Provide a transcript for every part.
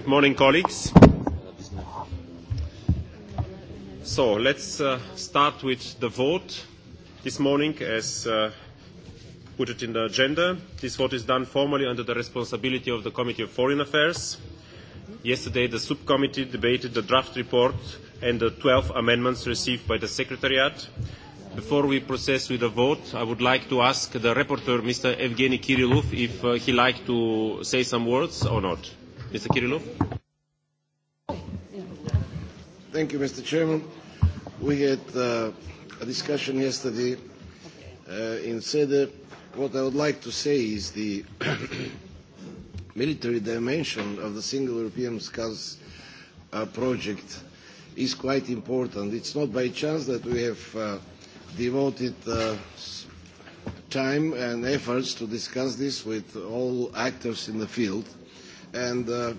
Good morning, colleagues. So let's uh, start with the vote this morning as uh, put it in the agenda. This vote is done formally under the responsibility of the Committee of Foreign Affairs. Yesterday, the subcommittee debated the draft report and the 12 amendments received by the Secretariat. Before we proceed with the vote, I would like to ask the rapporteur, Mr. Evgeny Kirilov, if uh, he like to say some words or not. Mr. Kirillov. Thank you, Mr. Chairman. We had uh, a discussion yesterday uh, in SEDE. E. What I would like to say is the military dimension of the single European SCAS uh, project is quite important. It's not by chance that we have uh, devoted uh, time and efforts to discuss this with all actors in the field. Uh, and uh,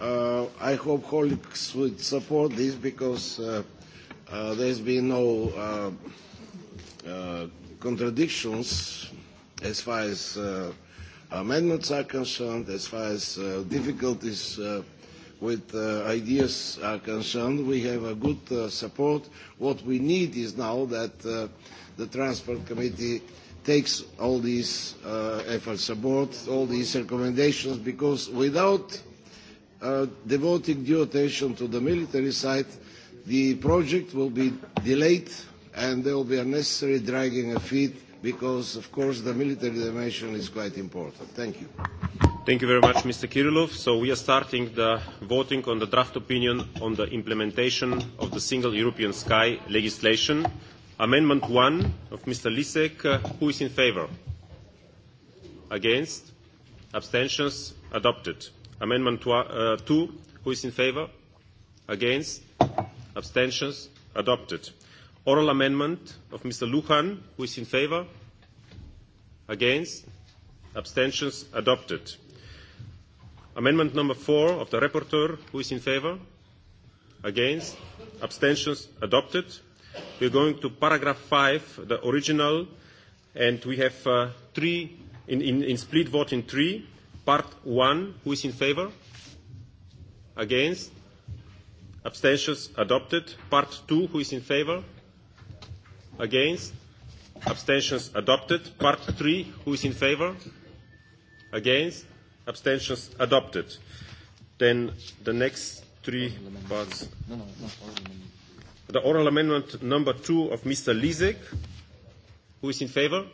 uh, I hope colleagues would support this because uh, uh, there's been no uh, uh, contradictions as far as uh, amendments are concerned, as far as uh, difficulties uh, with uh, ideas are concerned. We have a good uh, support. What we need is now that uh, the Transport Committee uh, takes all these uh, efforts aboard, all these recommendations, because without uh, devoting due attention to the military side, the project will be delayed and there will be unnecessary dragging of feet because, of course, the military dimension is quite important. Thank you. Thank you very much, Mr. Kirillov. So we are starting the voting on the draft opinion on the implementation of the Single European Sky legislation. Amendment 1 of Mr. Lisek. Uh, who is in favor? Against? Abstentions? Adopted. Amendment tw- uh, 2. Who is in favor? Against? Abstentions? Adopted. Oral amendment of Mr. Lujan. Who is in favor? Against? Abstentions? Adopted. Amendment number 4 of the rapporteur. Who is in favor? Against? Abstentions? Adopted. We're going to paragraph 5, the original, and we have uh, three, in, in, in split vote in three. Part 1, who is in favor? Against? Abstentions adopted. Part 2, who is in favor? Against? Abstentions adopted. Part 3, who is in favor? Against? Abstentions adopted. Then the next three parts. No, no, no the oral amendment number two of Mr. Lisek. Who is in favor?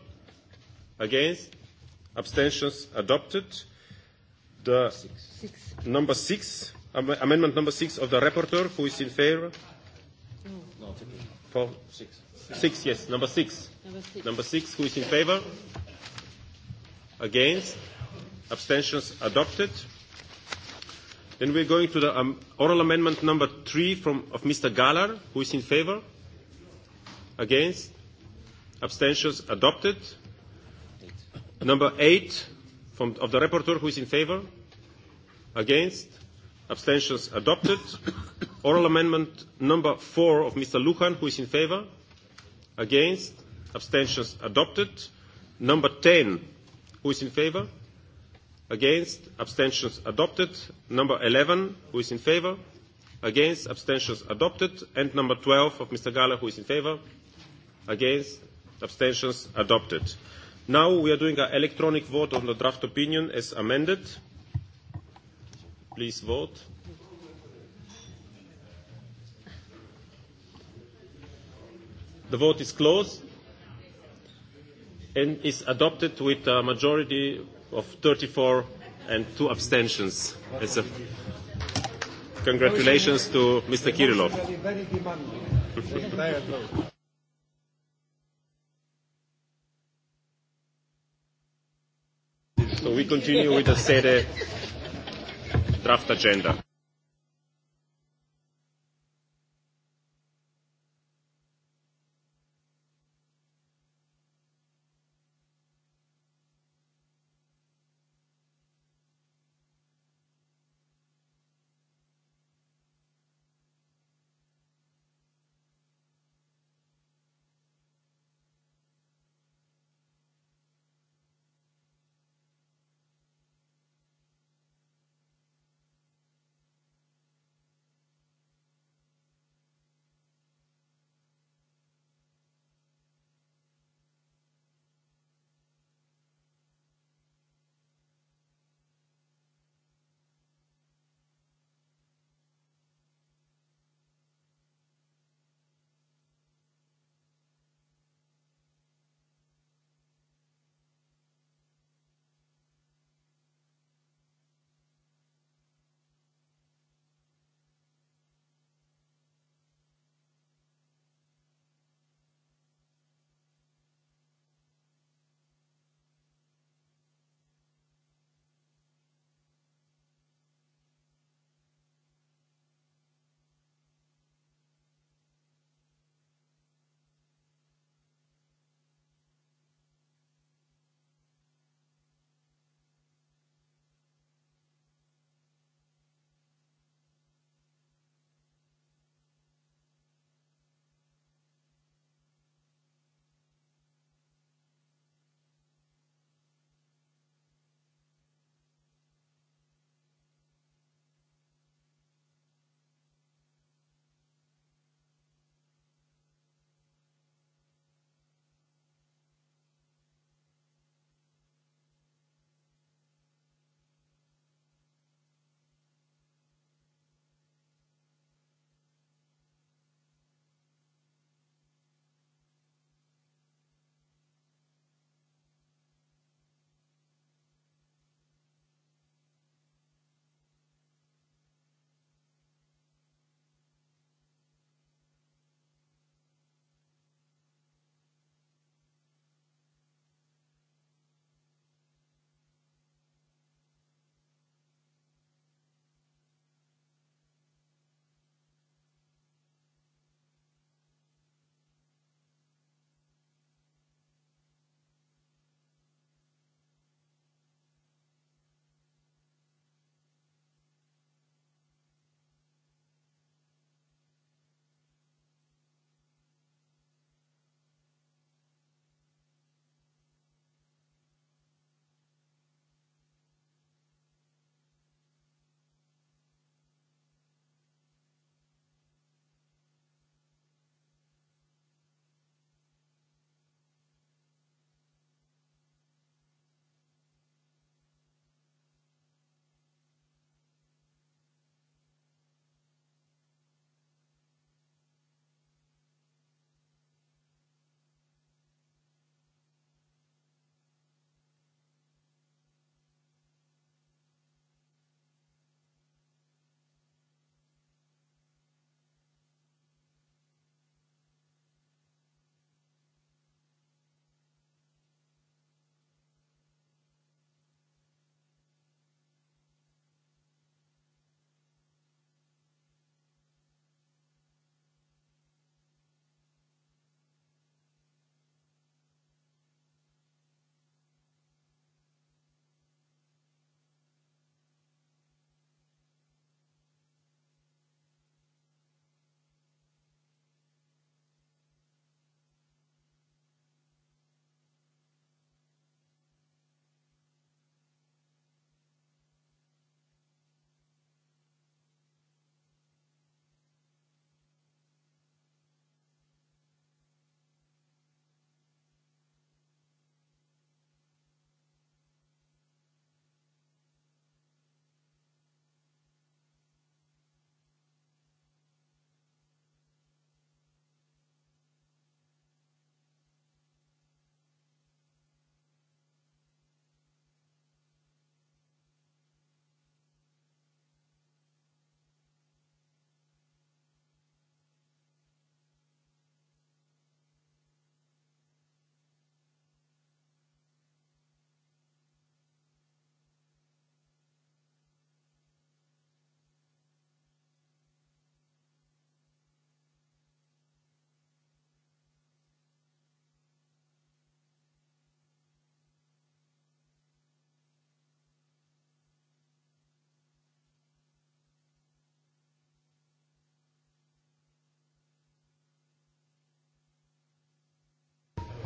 Against? Abstentions adopted. The six. Six. number six, am- amendment number six of the rapporteur. Who is in favor? No. no Four. Six. six. Six, yes. Number six. Number six. Number six. Who is in favor? Against? Abstentions adopted. Then we're going to the um, oral amendment number three from, of Mr. Galar. Who is in favor? Against? Abstentions adopted. Number eight from, of the rapporteur. Who is in favor? Against? Abstentions adopted. Oral amendment number four of Mr. Lujan. Who is in favor? Against? Abstentions adopted. Number 10. Who is in favor? Against, abstentions adopted. Number 11, who is in favor? Against, abstentions adopted. And number 12 of Mr. Gala, who is in favor? Against, abstentions adopted. Now we are doing an electronic vote on the draft opinion as amended. Please vote. The vote is closed and is adopted with a majority of 34 and two abstentions. It's a congratulations to Mr. Kirillov. Very demanding. so we continue with the SEDE draft agenda.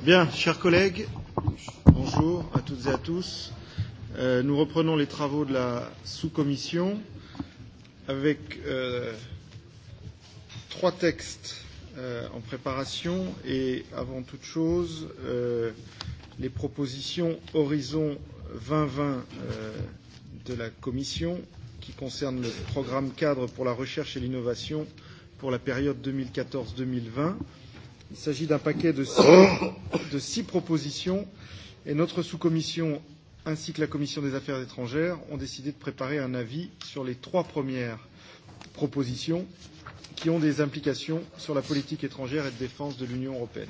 Bien, chers collègues, bonjour à toutes et à tous. Euh, nous reprenons les travaux de la sous-commission avec euh, trois textes euh, en préparation et avant toute chose, euh, les propositions Horizon 2020 euh, de la Commission qui concerne le programme cadre pour la recherche et l'innovation pour la période 2014-2020 Il s'agit d'un paquet de six, de six propositions et notre sous-commission ainsi que la commission des affaires étrangères ont décidé de préparer un avis sur les trois premières propositions qui ont des implications sur la politique étrangère et de défense de l'Union européenne.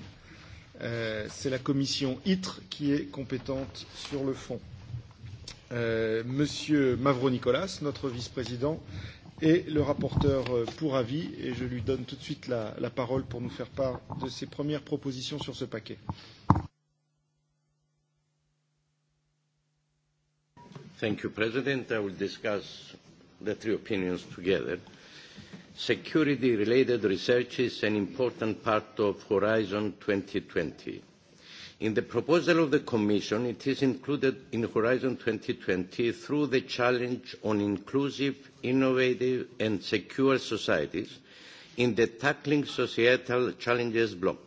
Euh, C'est la commission ITRE qui est compétente sur le fond. Euh, Monsieur Mavro Nicolas, notre vice-président, et le rapporteur euh, pour avis. Et je lui donne tout de suite la, la parole pour nous faire part de ses premières propositions sur ce paquet. Thank you, President. I will discuss the three opinions together. Security-related research is an important part of Horizon 2020. In the proposal of the Commission, it is included in Horizon 2020 through the challenge on inclusive innovative and secure societies in the Tackling Societal Challenges block.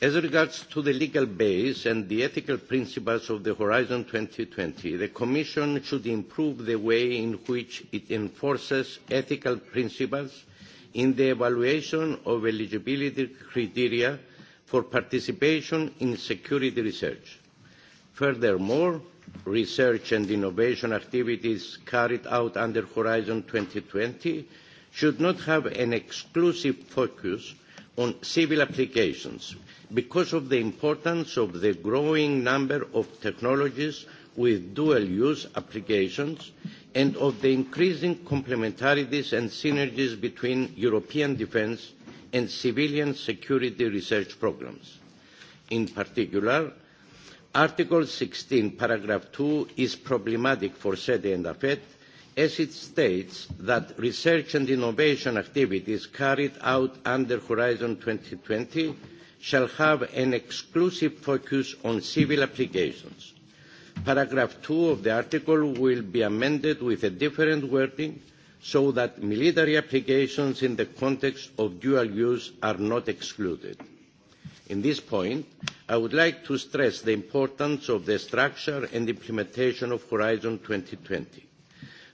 As regards to the legal base and the ethical principles of the Horizon 2020, the Commission should improve the way in which it enforces ethical principles in the evaluation of eligibility criteria for participation in security research. Furthermore, research and innovation activities carried out under Horizon 2020 should not have an exclusive focus on civil applications because of the importance of the growing number of technologies with dual-use applications and of the increasing complementarities and synergies between European defence and civilian security research programmes. In particular, Article 16, paragraph 2, is problematic for SEDE and AFET as it states that research and innovation activities carried out under Horizon 2020 shall have an exclusive focus on civil applications. Paragraph 2 of the article will be amended with a different wording so that military applications in the context of dual use are not excluded. In this point, I would like to stress the importance of the structure and implementation of Horizon 2020.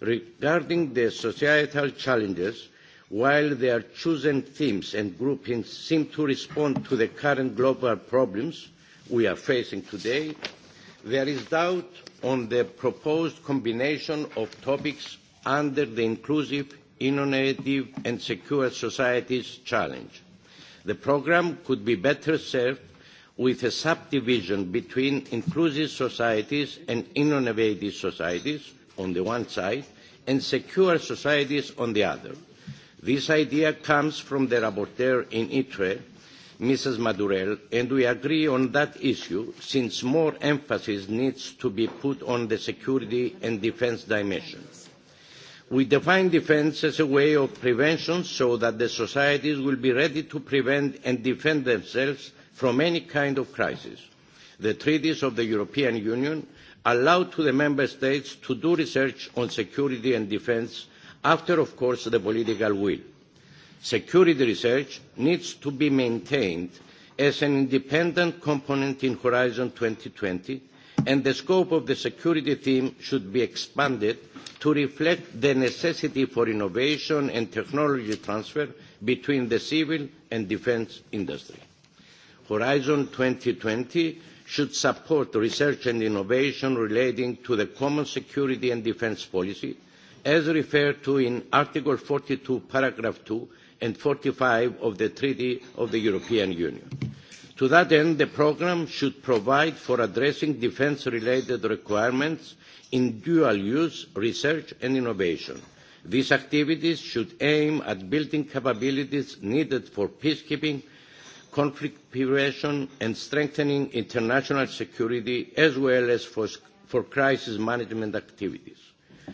Regarding the societal challenges, while their chosen themes and groupings seem to respond to the current global problems we are facing today, there is doubt on the proposed combination of topics under the Inclusive, Innovative and Secure Societies Challenge. The programme could be better served with a subdivision between inclusive societies and innovative societies on the one side and secure societies on the other. This idea comes from the rapporteur in ITRE, Mrs. Madurell, and we agree on that issue since more emphasis needs to be put on the security and defence dimensions. We define defense as a way of prevention so that the societies will be ready to prevent and defend themselves from any kind of crisis. The treaties of the European Union allow to the Member States to do research on security and defense after, of course, the political will. Security research needs to be maintained as an independent component in Horizon 2020 and the scope of the security theme should be expanded to reflect the necessity for innovation and technology transfer between the civil and defence industry. Horizon 2020 should support research and innovation relating to the common security and defence policy, as referred to in Article 42, paragraph 2 and 45 of the Treaty of the European Union. To that end, the program should provide for addressing defense-related requirements in dual-use research and innovation. These activities should aim at building capabilities needed for peacekeeping, conflict prevention, and strengthening international security, as well as for, for crisis management activities.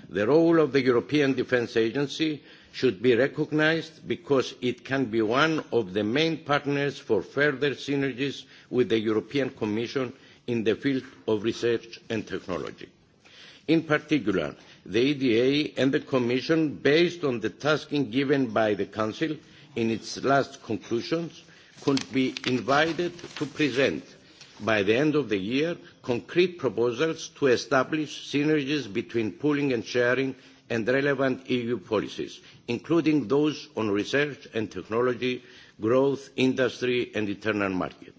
The role of the European Defence Agency should be recognized because it can be one of the main partners for further synergies with the European Commission in the field of research and technology. In particular, the EDA and the Commission, based on the tasking given by the Council in its last conclusions, could be invited to present by the end of the year concrete proposals to establish synergies between pooling and sharing and relevant EU policies, including those on research and technology, growth, industry and internal market.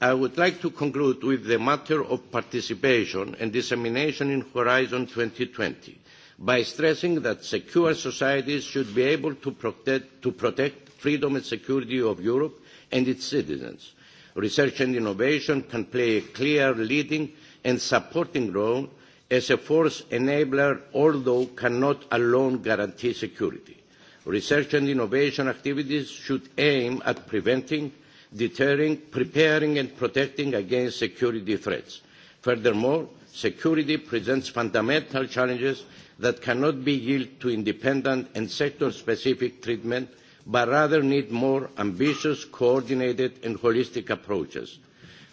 I would like to conclude with the matter of participation and dissemination in Horizon 2020 by stressing that secure societies should be able to protect, to protect freedom and security of Europe and its citizens. Research and innovation can play a clear leading and supporting role as a force enabler, although cannot alone guarantee security. Research and innovation activities should aim at preventing, deterring, preparing and protecting against security threats. Furthermore, security presents fundamental challenges that cannot be yielded to independent and sector-specific treatment, but rather need more ambitious, coordinated and holistic approaches.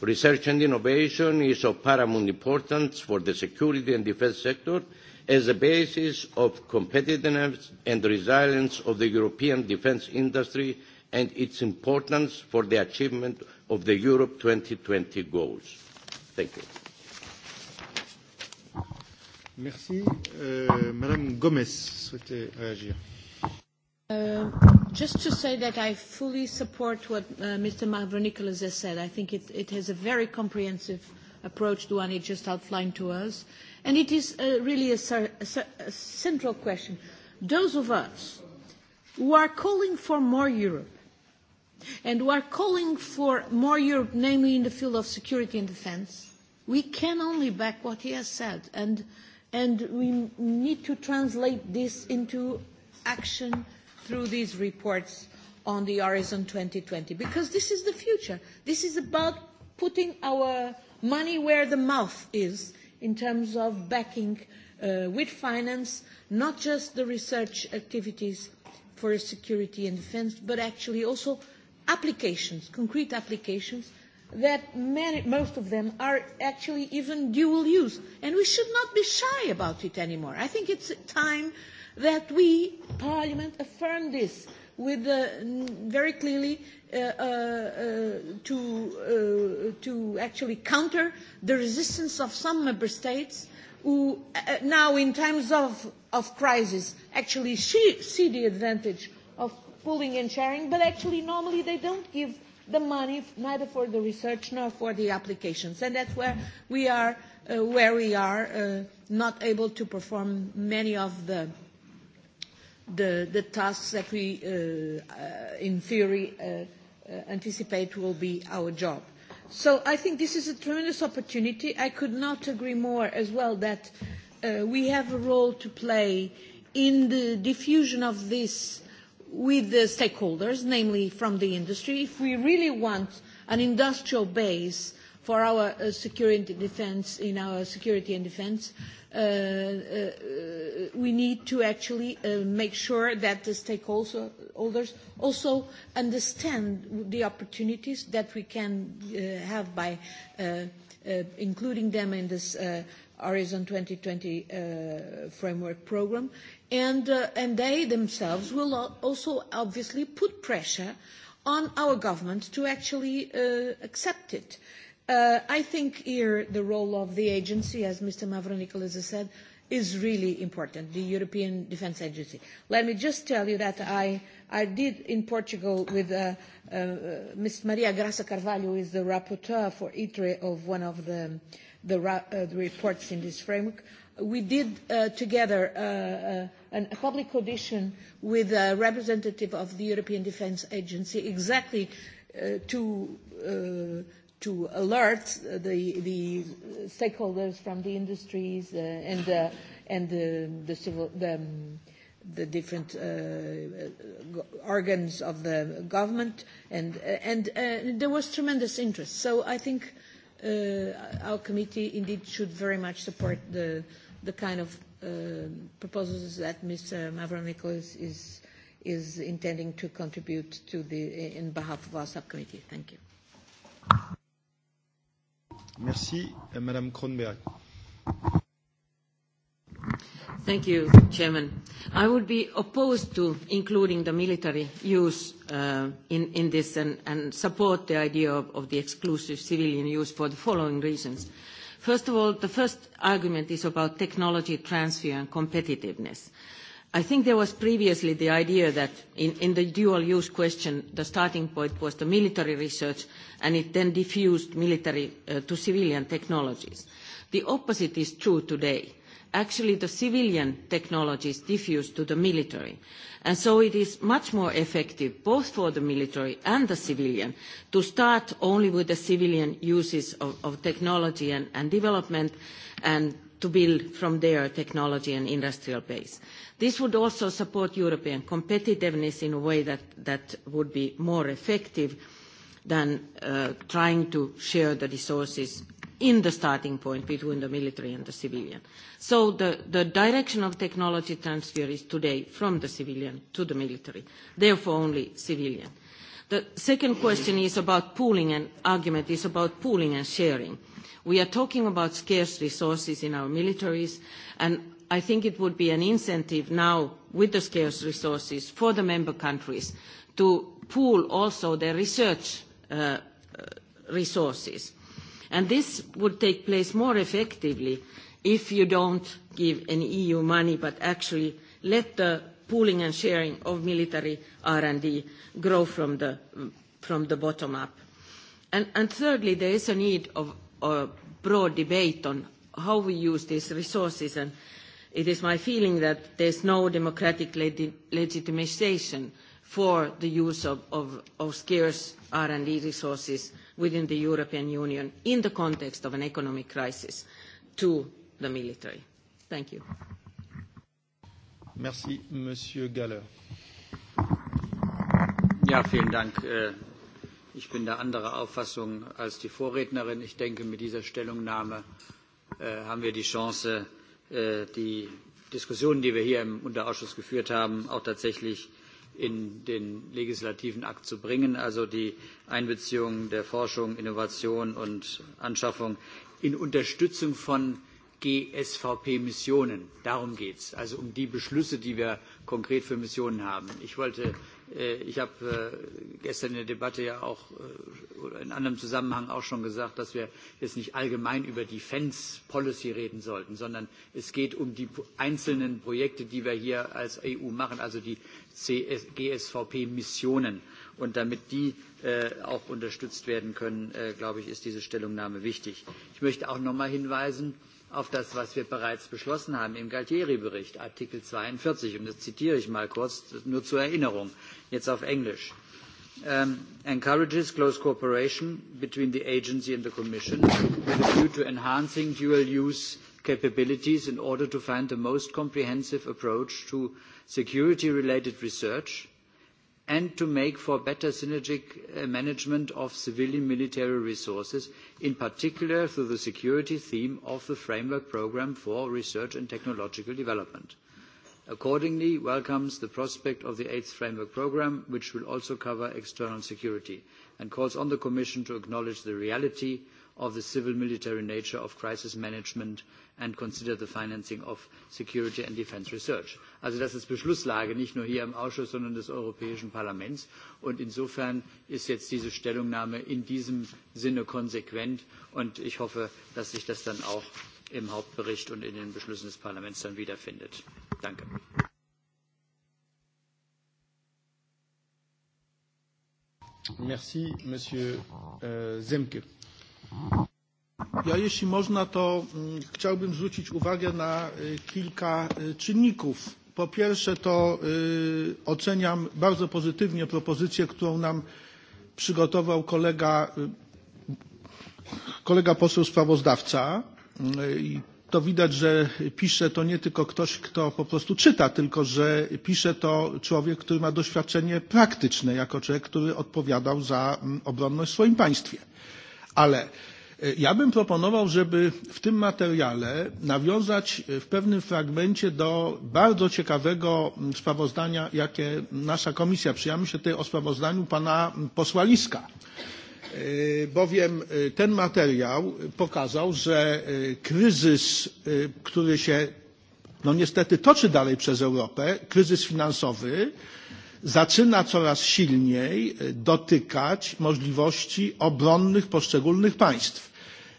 Research and innovation is of paramount importance for the security and defence sector as a basis of competitiveness and resilience of the European defence industry and its importance for the achievement of the Europe 2020 goals. Thank you. Merci. Euh, Madame Gomez souhaitait réagir. Uh, just to say that I fully support what uh, Mr. Mavronikolas has said. I think it, it has a very comprehensive approach, the one he just outlined to us. And it is uh, really a, a, a central question. Those of us who are calling for more Europe and who are calling for more Europe, namely in the field of security and defense, we can only back what he has said. And, and we need to translate this into action – through these reports on the Horizon 2020, because this is the future. This is about putting our money where the mouth is in terms of backing uh, with finance, not just the research activities for security and defense, but actually also applications, concrete applications, that many, most of them are actually even dual use. And we should not be shy about it anymore. I think it's time that we, Parliament, affirm this with uh, very clearly uh, uh, uh, to, uh, to actually counter the resistance of some member states who uh, now in times of, of crisis actually see, see the advantage of pooling and sharing, but actually normally they don't give the money neither for the research nor for the applications. And that's where we are, uh, where we are uh, not able to perform many of the uh, the, the tasks that we, uh, uh, in theory, uh, uh, anticipate will be our job. So I think this is a tremendous opportunity. I could not agree more as well that uh, we have a role to play in the diffusion of this with the stakeholders, namely from the industry. If we really want an industrial base for our uh, security defense, in our security and defense, uh, uh, we need to actually uh, make sure that the stakeholders also understand the opportunities that we can uh, have by uh, uh, including them in this uh, Horizon 2020 uh, framework program, and, uh, and they themselves will also obviously put pressure on our government to actually uh, accept it. Uh, Uh, I think here the role of the agency, as Mr. Mavronikolas has said, is really important, the European Defence Agency. Let me just tell you that I, I did in Portugal with uh, uh, Ms. Maria Graça Carvalho, who is the rapporteur for ITRE of one of the, the, ra uh, the reports in this framework. We did uh, together uh, uh, an, a public audition with a representative of the European Defence Agency exactly uh, to uh, to alert the, the stakeholders from the industries uh, and, uh, and the, the, civil, the, the different uh, uh organs of the government. And, uh, and uh, there was tremendous interest. So I think uh, our committee indeed should very much support the, the kind of uh, proposals that Mr. Mavronikos is, is intending to contribute to the, in behalf of our subcommittee. Thank you. Merci. Madame Kronberg. Thank you, Chairman. I would be opposed to including the military use uh, in, in this and, and support the idea of, of the exclusive civilian use for the following reasons. First of all, the first argument is about technology transfer and competitiveness. Uh, I think there was previously the idea that in, in the dual-use question, the starting point was the military research, and it then diffused military uh, to civilian technologies. The opposite is true today. Actually, the civilian technologies diffuse to the military. And so it is much more effective, both for the military and the civilian, to start only with the civilian uses of, of technology and, and development, and to build from their technology and industrial base. This would also support European competitiveness in a way that, that would be more effective than uh, trying to share the resources in the starting point between the military and the civilian. So the, the direction of technology transfer is today from the civilian to the military, therefore only civilian. The second question is about pooling and argument is about pooling and sharing. We are talking about scarce resources in our militaries, and I think it would be an incentive now with the scarce resources for the member countries to pool also their research uh, uh resources. And this would take place more effectively if you don't give any EU money, but actually let the pooling and sharing of military R&D grow from the, from the bottom up. And, and thirdly, there is a need of a broad debate on how we use these resources, and it is my feeling that there's no democratic legi legitimization for the use of, of, of scarce R&D resources within the European Union in the context of an economic crisis to the military. Thank you. Merci, Monsieur Galler. Ja, vielen Dank. Äh, ich bin da anderer Auffassung als die Vorrednerin. Ich denke, mit dieser Stellungnahme äh, haben wir die Chance, äh, die Diskussionen, die wir hier im Unterausschuss geführt haben, auch tatsächlich in den legislativen Akt zu bringen, also die Einbeziehung der Forschung, Innovation und Anschaffung in Unterstützung von äh, GSVP-Missionen. Darum geht es, also um die Beschlüsse, die wir konkret für Missionen haben. Ich wollte, äh, ich habe äh, gestern in der Debatte ja auch äh, oder in anderem Zusammenhang auch schon gesagt, dass wir jetzt nicht allgemein über Defense Policy reden sollten, sondern es geht um die einzelnen Projekte, die wir hier als EU machen, also die CS GSVP-Missionen. Und damit die äh, auch unterstützt werden können, äh, glaube ich, ist diese Stellungnahme wichtig. Ich möchte auch nochmal hinweisen, äh, auf das, was wir bereits beschlossen haben im Galtieri-Bericht, Artikel 42, und das zitiere ich mal kurz, nur zur Erinnerung, jetzt auf Englisch. Um, encourages close cooperation between the agency and the Commission with a view to enhancing dual-use capabilities in order to find the most comprehensive approach to security-related research and to make for better synergic uh, management of civilian military resources, in particular through the security theme of the Framework Programme for Research and Technological Development. Accordingly, welcomes the prospect of the eighth Framework Programme, which will also cover external security, and calls on the Commission to acknowledge the reality of the civil military nature of crisis management and consider the financing of security and defense research. Also das ist Beschlusslage, nicht nur hier im Ausschuss, sondern des Europäischen Parlaments. Und insofern ist jetzt diese Stellungnahme in diesem Sinne konsequent. Und ich hoffe, dass sich das dann auch im Hauptbericht und in den Beschlüssen des Parlaments dann wiederfindet. Danke. Merci, Monsieur euh, Zemke. Ja, jeśli można, to mm, chciałbym zwrócić uwagę na kilka czynników. Po pierwsze, to oceniam bardzo pozytywnie propozycję, którą nam przygotował kolega, kolega poseł sprawozdawca. I to widać, że pisze to nie tylko ktoś, kto po prostu czyta, tylko że pisze to człowiek, który ma doświadczenie praktyczne, jako człowiek, który odpowiadał za mm, obronność w swoim państwie. Ale e, ja bym proponował, żeby w tym materiale nawiązać e, w pewnym fragmencie do bardzo ciekawego sprawozdania, jakie nasza komisja przyjęła. Myślę tutaj o sprawozdaniu pana posła Liska, e, bowiem ten materiał pokazał, że kryzys, który się no niestety toczy dalej przez Europę, kryzys finansowy, zaczyna coraz silniej e, dotykać możliwości obronnych poszczególnych państw.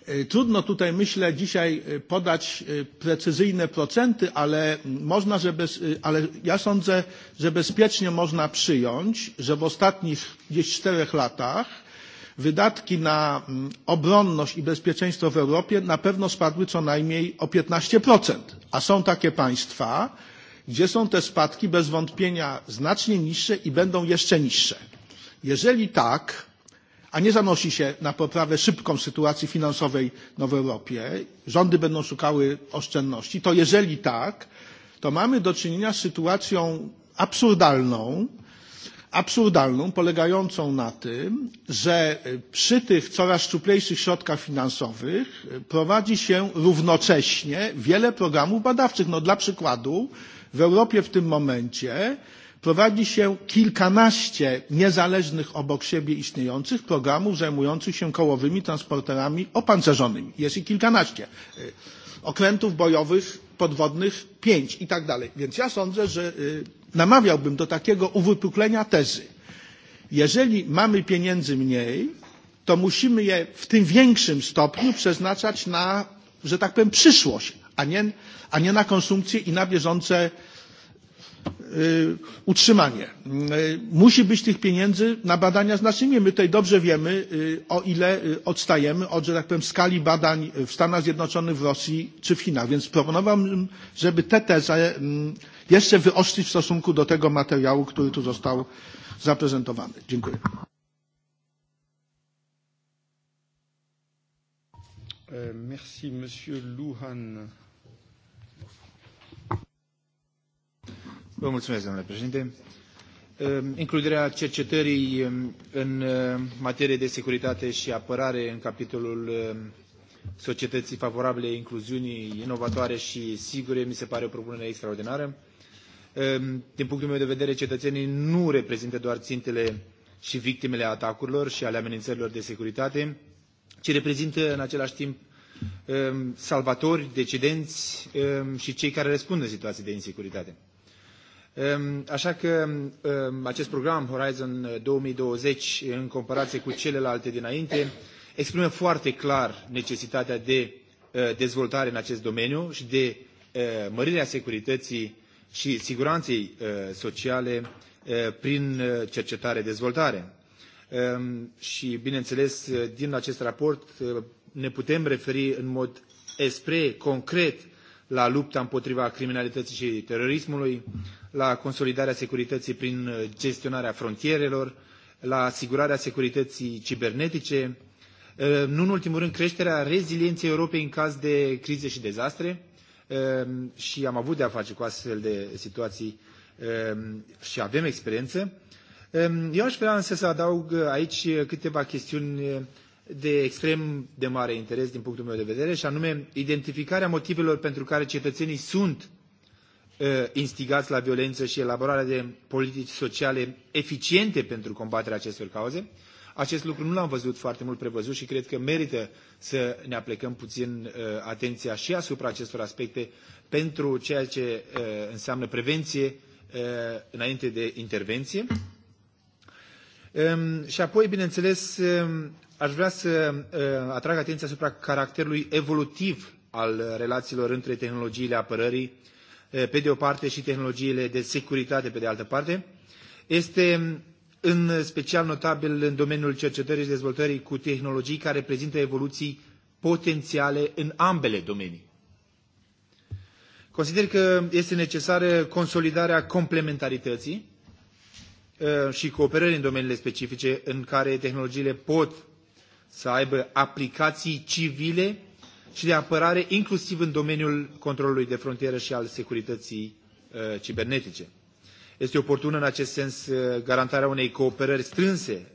E, trudno tutaj, myślę, dzisiaj e, podać precyzyjne procenty, ale, można, że bez, ale ja sądzę, że bezpiecznie można przyjąć, że w ostatnich gdzieś czterech latach wydatki na mm, obronność i bezpieczeństwo w Europie na pewno spadły co najmniej o 15%, a są takie państwa, gdzie są te spadki bez wątpienia znacznie niższe i będą jeszcze niższe. Jeżeli tak, a nie zanosi się na poprawę szybką sytuacji finansowej no w Europie, rządy będą szukały oszczędności, to jeżeli tak, to mamy do czynienia z sytuacją absurdalną, absurdalną, polegającą na tym, że przy tych coraz szczuplejszych środkach finansowych prowadzi się równocześnie wiele programów badawczych. No, dla przykładu W Europie w tym momencie prowadzi się kilkanaście niezależnych obok siebie istniejących programów zajmujących się kołowymi transporterami opancerzonymi. Jest ich kilkanaście. Okrętów bojowych, podwodnych pięć i tak dalej. Więc ja sądzę, że namawiałbym do takiego uwypuklenia tezy. Jeżeli mamy pieniędzy mniej, to musimy je w tym większym stopniu przeznaczać na, że tak powiem, przyszłość, a nie a nie na konsumpcję i na bieżące utrzymanie. Musi być tych pieniędzy na badania znacznie. My tutaj dobrze wiemy, o ile odstajemy od, że tak powiem, skali badań w Stanach Zjednoczonych, w Rosji czy w Chinach. Więc proponowałbym, żeby tę tezę mm, jeszcze wyostrzyć w stosunku do tego materiału, który tu został zaprezentowany. Dziękuję. E, merci, monsieur Luhan. Vă mulțumesc, domnule președinte. Ehm, includerea cercetării ehm, în ehm, materie de securitate și apărare în capitolul societății favorabile incluziunii inovatoare și sigure mi se pare o propunere extraordinară. Din punctul meu de vedere, cetățenii nu reprezintă doar țintele și victimele atacurilor și ale amenințărilor de securitate, ci reprezintă în același timp salvatori, decidenți și cei care răspund în situații de insecuritate. Așa că acest program Horizon 2020, eh, în comparație cu celelalte dinainte, exprimă foarte clar necesitatea de eh, dezvoltare în acest domeniu și de eh, mărirea securității și siguranței sociale prin cercetare-dezvoltare. Și, bineînțeles, din acest raport ne putem referi în mod spre concret la lupta împotriva criminalității și terorismului, la consolidarea securității prin uh, gestionarea frontierelor, la asigurarea securității cibernetice, uh, nu în ultimul rând creșterea rezilienței Europei în caz de crize și dezastre uh, și am avut de a face cu astfel de situații și avem experiență. Eu aș vrea însă să adaug aici câteva chestiuni de extrem de mare interes din punctul meu de vedere și anume identificarea motivelor pentru care cetățenii sunt uh, Uh, instigați la violență și elaborarea de politici sociale eficiente pentru combaterea acestor cauze. Acest lucru nu l-am văzut foarte mult prevăzut și cred că merită să ne aplecăm puțin uh, atenția și asupra acestor aspecte pentru ceea ce uh, înseamnă prevenție înainte de intervenție. Um, și apoi, bineînțeles, um, aș vrea să atrag atenția asupra caracterului evolutiv al relațiilor între tehnologiile apărării E, pe de o parte, și tehnologiile de securitate, pe de altă parte. Este mm, în special notabil în domeniul cercetării și dezvoltării cu tehnologii care prezintă evoluții potențiale în ambele domenii. Consider că este necesară consolidarea complementarității e, și cooperării în domeniile specifice în care tehnologiile pot să aibă aplicații civile și de apărare, inclusiv în domeniul controlului de frontieră și al securității uh, cibernetice. Este oportună în acest sens uh, garantarea unei cooperări strânse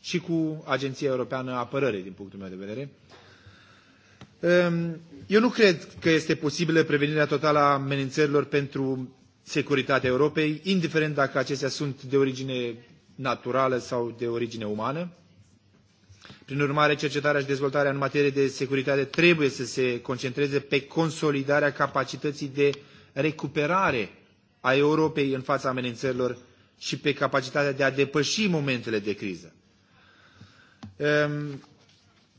și cu Agenția Europeană a Apărării, din punctul meu de vedere. Um, eu nu cred că este posibilă prevenirea totală a amenințărilor pentru securitatea Europei, indiferent dacă acestea sunt de origine naturală sau de origine umană. Prin urmare, cercetarea și dezvoltarea în materie de securitate trebuie să se concentreze pe consolidarea capacității de recuperare a Europei în fața amenințărilor și pe capacitatea de a depăși momentele de criză. Ehm,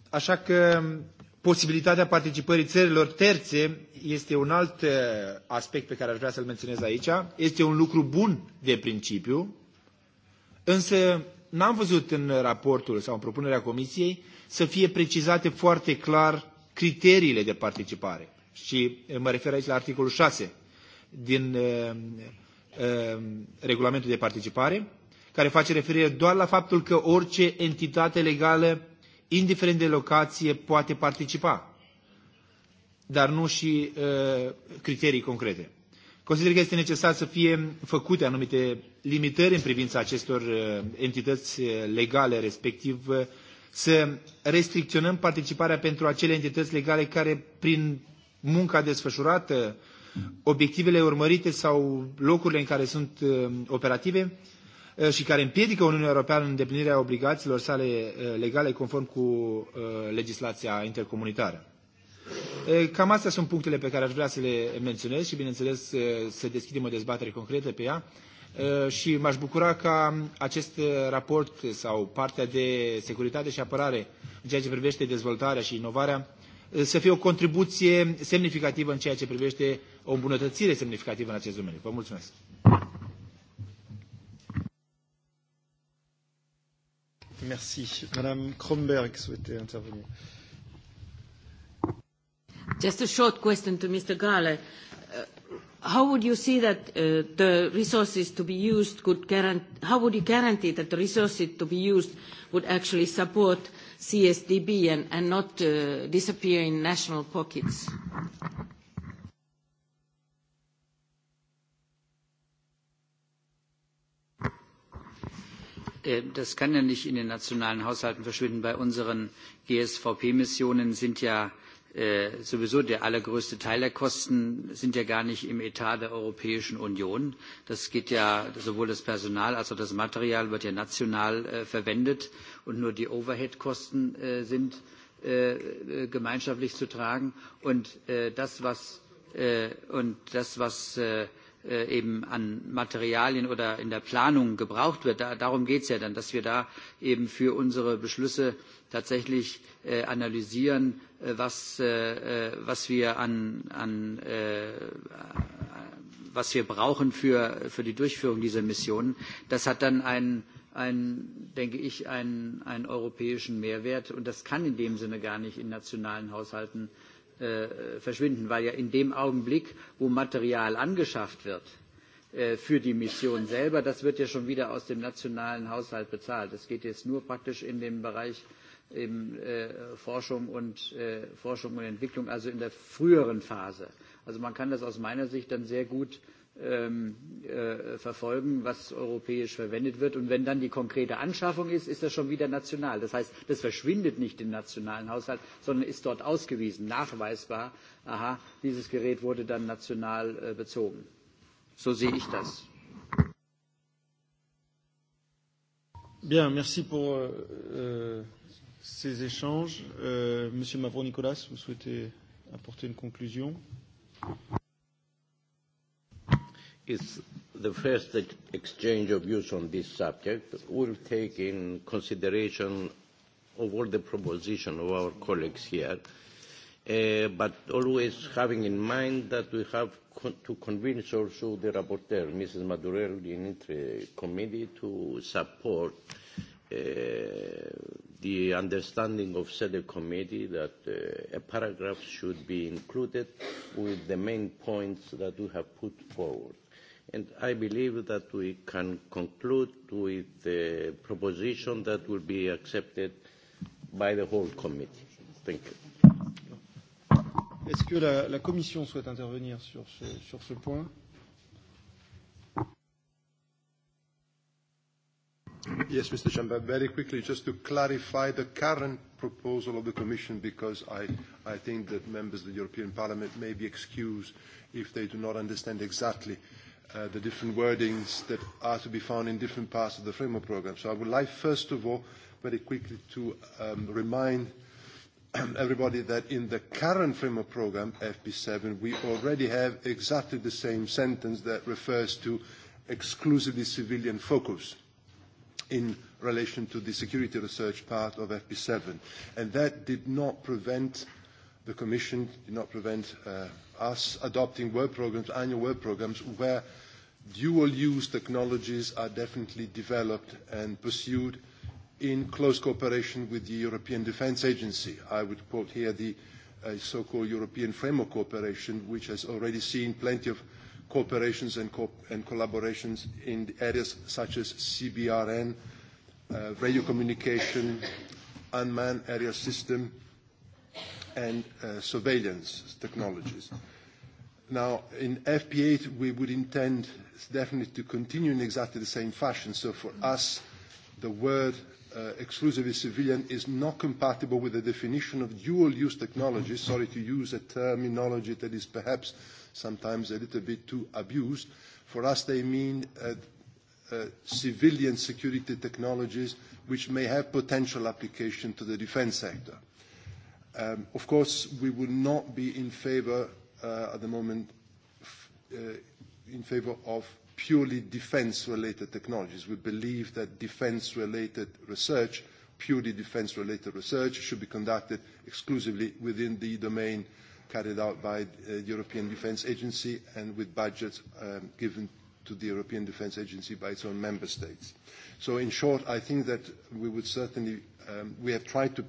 așa că posibilitatea participării țărilor terțe este un alt eh, aspect pe care aș vrea să-l menționez aici. Este un lucru bun de principiu, însă n-am văzut în raportul sau în propunerea Comisiei să fie precizate foarte clar criteriile de participare. Și mă refer aici la articolul 6 din uh, uh, regulamentul de participare, care face referire doar la faptul că orice entitate legală, indiferent de locație, poate participa, dar nu și uh, criterii concrete. Consider că este necesar să fie făcute anumite limitări în privința acestor uh, entități uh, legale, respectiv uh, să restricționăm participarea pentru acele entități legale care, prin munca desfășurată, obiectivele urmărite sau locurile în care sunt operative și care împiedică Uniunea Europeană în îndeplinirea obligațiilor sale legale conform cu legislația intercomunitară. Cam astea sunt punctele pe care aș vrea să le menționez și, bineînțeles, să deschidem o dezbatere concretă pe ea. E, și m-aș bucura ca acest raport sau partea de securitate și apărare în ceea ce privește dezvoltarea și inovarea e, să fie o contribuție semnificativă în ceea ce privește o îmbunătățire semnificativă în acest domeniu. Vă mulțumesc! Merci. Madame Kronberg souhaitait intervenir. Just a short question to Mr. Gahler how would you see that uh, the resources to be used could guarantee, how would you guarantee that the resources to be used would actually support CSDB and, and not uh, disappear in national pockets? Äh, das kann ja nicht in den nationalen Haushalten verschwinden. Bei unseren GSVP-Missionen sind ja äh, sowieso der allergrößte Teil der Kosten sind ja gar nicht im Etat der Europäischen Union. Das geht ja sowohl das Personal als auch das Material wird ja national äh, verwendet und nur die Overhead-Kosten äh, sind äh, äh gemeinschaftlich zu tragen. Und äh, das, was, äh, und das, was äh, Äh, eben an Materialien oder in der Planung gebraucht wird. Da, darum geht es ja dann, dass wir da eben für unsere Beschlüsse tatsächlich äh, analysieren, äh, was, äh, äh was wir an, an äh, was wir brauchen für, für die Durchführung dieser Missionen. Das hat dann einen, einen denke ich, einen, einen europäischen Mehrwert und das kann in dem Sinne gar nicht in nationalen Haushalten äh, äh, verschwinden, weil ja in dem Augenblick, wo Material angeschafft wird, äh, für die Mission selber. Das wird ja schon wieder aus dem nationalen Haushalt bezahlt. Das geht jetzt nur praktisch in dem Bereich eben, äh, Forschung, und, äh, Forschung und Entwicklung, also in der früheren Phase. Also man kann das aus meiner Sicht dann sehr gut Ähm, äh, verfolgen, was europäisch verwendet wird. Und wenn dann die konkrete Anschaffung ist, ist das schon wieder national. Das heißt, das verschwindet nicht im nationalen Haushalt, sondern ist dort ausgewiesen, nachweisbar. Aha, dieses Gerät wurde dann national äh, bezogen. So sehe ich das. Bien, merci pour euh, euh ces échanges. Euh, Monsieur Mavro-Nicolas, vous souhaitez apporter une conclusion is the first exchange of views on this subject will take in consideration of all the proposition of our colleagues here, uh, but always having in mind that we have con to convince also the rapporteur, Mrs. Madurell, in the committee to support uh, the understanding of said committee that uh, a paragraph should be included with the main points that we have put forward and I believe that we can conclude with a proposition that will be accepted by the whole committee. Thank you. Est-ce que la, la Commission souhaite intervenir sur ce, sur ce point Yes, Mr. Chamber, very quickly, just to clarify the current proposal of the Commission, because I, I think that members of the European Parliament may be excused if they do not understand exactly uh, uh, the different wordings that are to be found in different parts of the framework program. So I would like, first of all, very quickly to um, remind everybody that in the current framework program, FP7, we already have exactly the same sentence that refers to exclusively civilian focus in relation to the security research part of FP7. And that did not prevent the Commission, did not prevent uh, us adopting work programs, annual work programs, where dual-use technologies are definitely developed and pursued in close cooperation with the European Defence Agency. I would quote here the uh, so-called European Framework Cooperation, which has already seen plenty of cooperations and, co and collaborations in areas such as CBRN, uh, radio communication, unmanned area system, and uh, surveillance technologies. Now, in FP8, we would intend definitely to continue in exactly the same fashion. So for us, the word uh, exclusively civilian is not compatible with the definition of dual-use technology. Sorry to use a terminology that is perhaps sometimes a little bit too abused. For us, they mean uh, uh, civilian security technologies which may have potential application to the defense sector. Um, of course, we will not be in favor uh, at the moment f- uh, in favor of purely defense-related technologies. We believe that defense-related research, purely defense-related research, should be conducted exclusively within the domain carried out by the uh, European Defense Agency and with budgets um, given to the European Defense Agency by its own member states. So in short, I think that we would certainly, um, we have tried to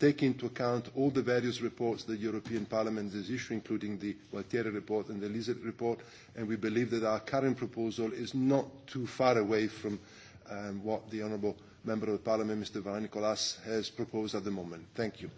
take into account all the various reports the European Parliament has issued, including the Gualtieri report and the Lizard report, and we believe that our current proposal is not too far away from um, what the Honourable Member of Parliament, Mr. Varanikolas, has proposed at the moment. Thank you.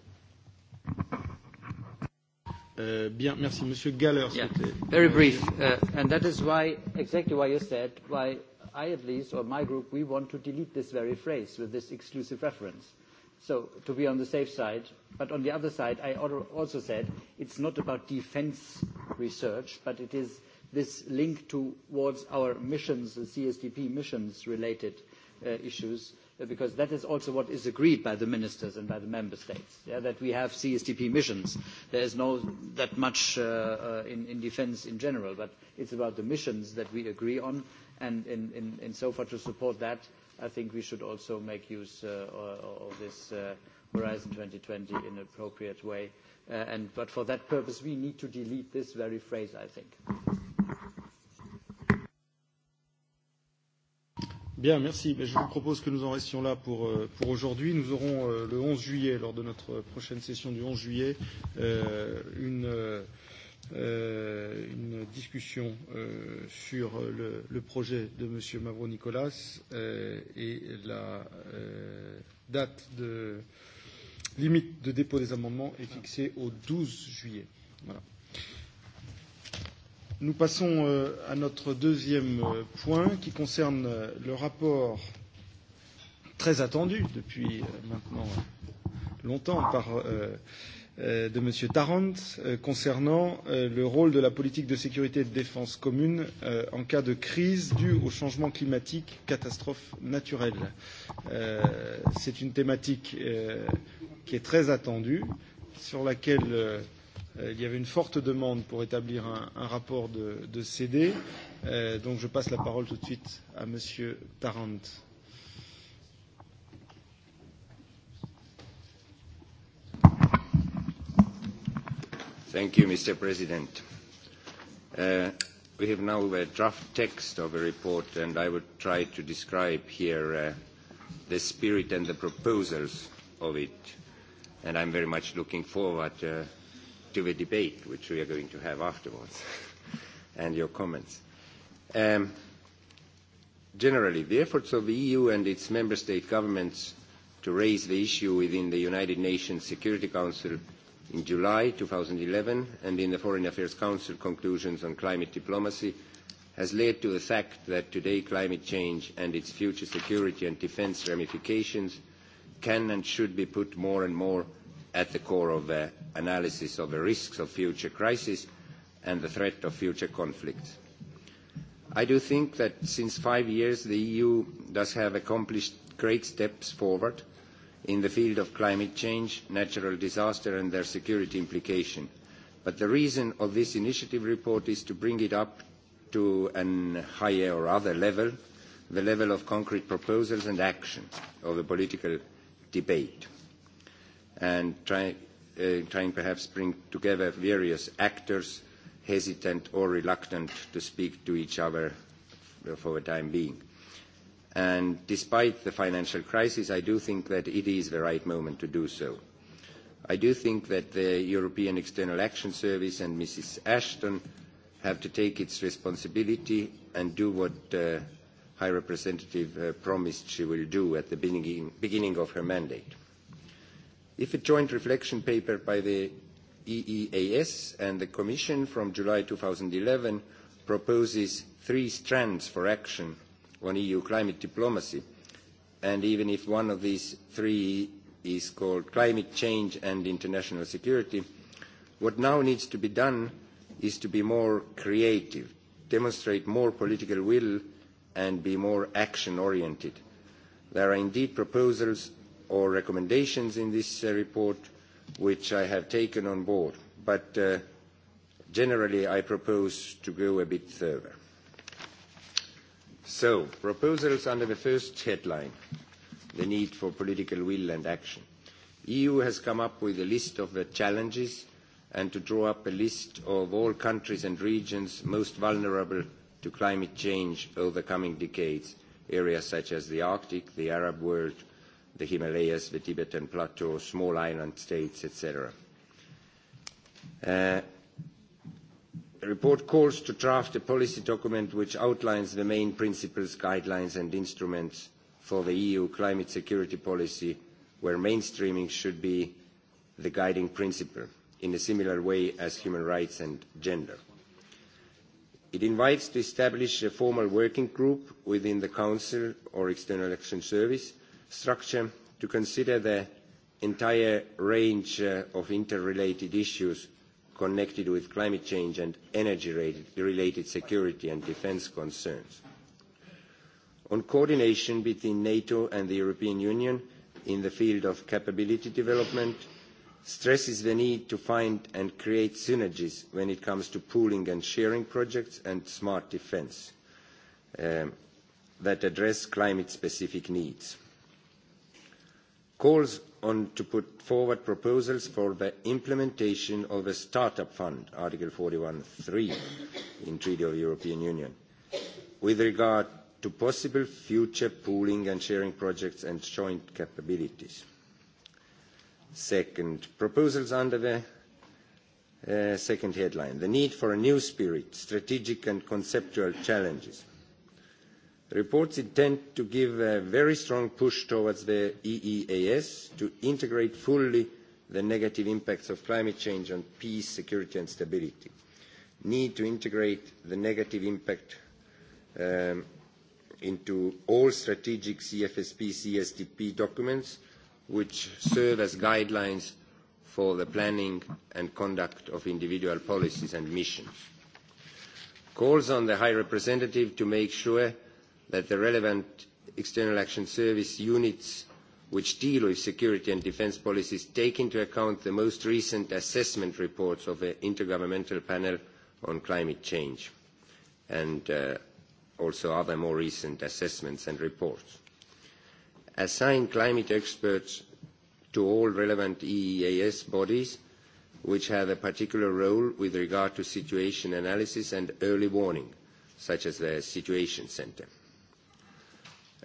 Uh, bien, merci. Monsieur Galler, yeah. Very brief, uh, and that is why, exactly why you said, why I at least, or my group, we want to delete this very phrase with this exclusive reference. Uh, So to be on the safe side. But on the other side, I also said it's not about defense research, but it is this link towards our missions, the CSDP missions related uh, issues, uh, because that is also what is agreed by the ministers and by the member states, yeah, that we have CSDP missions. There is no that much uh, uh, in, in defense in general, but it's about the missions that we agree on, and in, in, in so far to support that, I think we should also make use uh, of this uh, Horizon 2020 in an appropriate way. Uh, and, but for that purpose, we need to delete this very phrase, I think. Bien, merci. Mais je vous propose que nous en restions là pour, euh, pour aujourd'hui. Nous aurons euh, le 11 juillet, lors de notre prochaine session du 11 juillet, euh, une. Euh, euh, une discussion euh, sur le, le projet de M. Mavro-Nicolas euh, et la euh, date de limite de dépôt des amendements est fixée au 12 juillet. Voilà. Nous passons euh, à notre deuxième euh, point qui concerne euh, le rapport très attendu depuis euh, maintenant longtemps par euh, Euh, de M. Tarrant euh, concernant euh, le rôle de la politique de sécurité et de défense commune euh, en cas de crise due au changement climatique, catastrophe naturelle. Euh, C'est une thématique euh, qui est très attendue, sur laquelle euh, il y avait une forte demande pour établir un, un rapport de, de CD. Euh, donc je passe la parole tout de suite à M. Tarrant. Thank you, Mr. President. Uh, we have now a draft text of a report, and I would try to describe here uh, the spirit and the proposals of it. And I'm very much looking forward uh, to the debate, which we are going to have afterwards, and your comments. Um, generally, the efforts of the EU and its member state governments to raise the issue within the United Nations Security Council – in July 2011 and in the Foreign Affairs Council conclusions on climate diplomacy has led to the fact that today climate change and its future security and defense ramifications can and should be put more and more at the core of the uh, analysis of the risks of future crises and the threat of future conflicts. I do think that since five years the EU does have accomplished great steps forward – in the field of climate change, natural disaster and their security implication. But the reason of this initiative report is to bring it up to an higher or other level, the level of concrete proposals and action of the political debate, and try, uh, trying perhaps bring together various actors hesitant or reluctant to speak to each other for the time being. And despite the financial crisis, I do think that it is the right moment to do so. I do think that the European External Action Service and Mrs. Ashton have to take its responsibility and do what uh, High Representative uh, promised she will do at the beginning, beginning of her mandate. If a joint reflection paper by the EEAS and the Commission from July 2011 proposes three strands for action on EU climate diplomacy, and even if one of these three is called climate change and international security, what now needs to be done is to be more creative, demonstrate more political will, and be more action-oriented. There are indeed proposals or recommendations in this uh, report which I have taken on board, but uh, generally I propose to go a bit further. So, proposals under the first headline, the need for political will and action. EU has come up with a list of the challenges and to draw up a list of all countries and regions most vulnerable to climate change over the coming decades, areas such as the Arctic, the Arab world, the Himalayas, the Tibetan Plateau, small island states, etc. Uh, report calls to draft a policy document which outlines the main principles, guidelines and instruments for the EU climate security policy, where mainstreaming should be the guiding principle in a similar way as human rights and gender. It invites to establish a formal working group within the Council or External Action Service structure to consider the entire range uh, of interrelated issues connected with climate change and energy-related security and defense concerns. On coordination between NATO and the European Union in the field of capability development, stresses the need to find and create synergies when it comes to pooling and sharing projects and smart defense um, that address climate-specific needs. Calls on to put forward proposals for the implementation of the Startup Fund, Article 41.3 in Treaty of European Union, with regard to possible future pooling and sharing projects and joint capabilities. Second, proposals under the uh, second headline, the need for a new spirit, strategic and conceptual challenges – Reports intend to give a very strong push towards the EEAS to integrate fully the negative impacts of climate change on peace, security and stability. Need to integrate the negative impact um, into all strategic CFSP, CSDP documents, which serve as guidelines for the planning and conduct of individual policies and missions. Calls on the High Representative to make sure that the relevant external action service units which deal with security and defence policies take into account the most recent assessment reports of the intergovernmental panel on climate change and uh, also other more recent assessments and reports. Assign climate experts to all relevant EEAS bodies which have a particular role with regard to situation analysis and early warning, such as the Situation Centre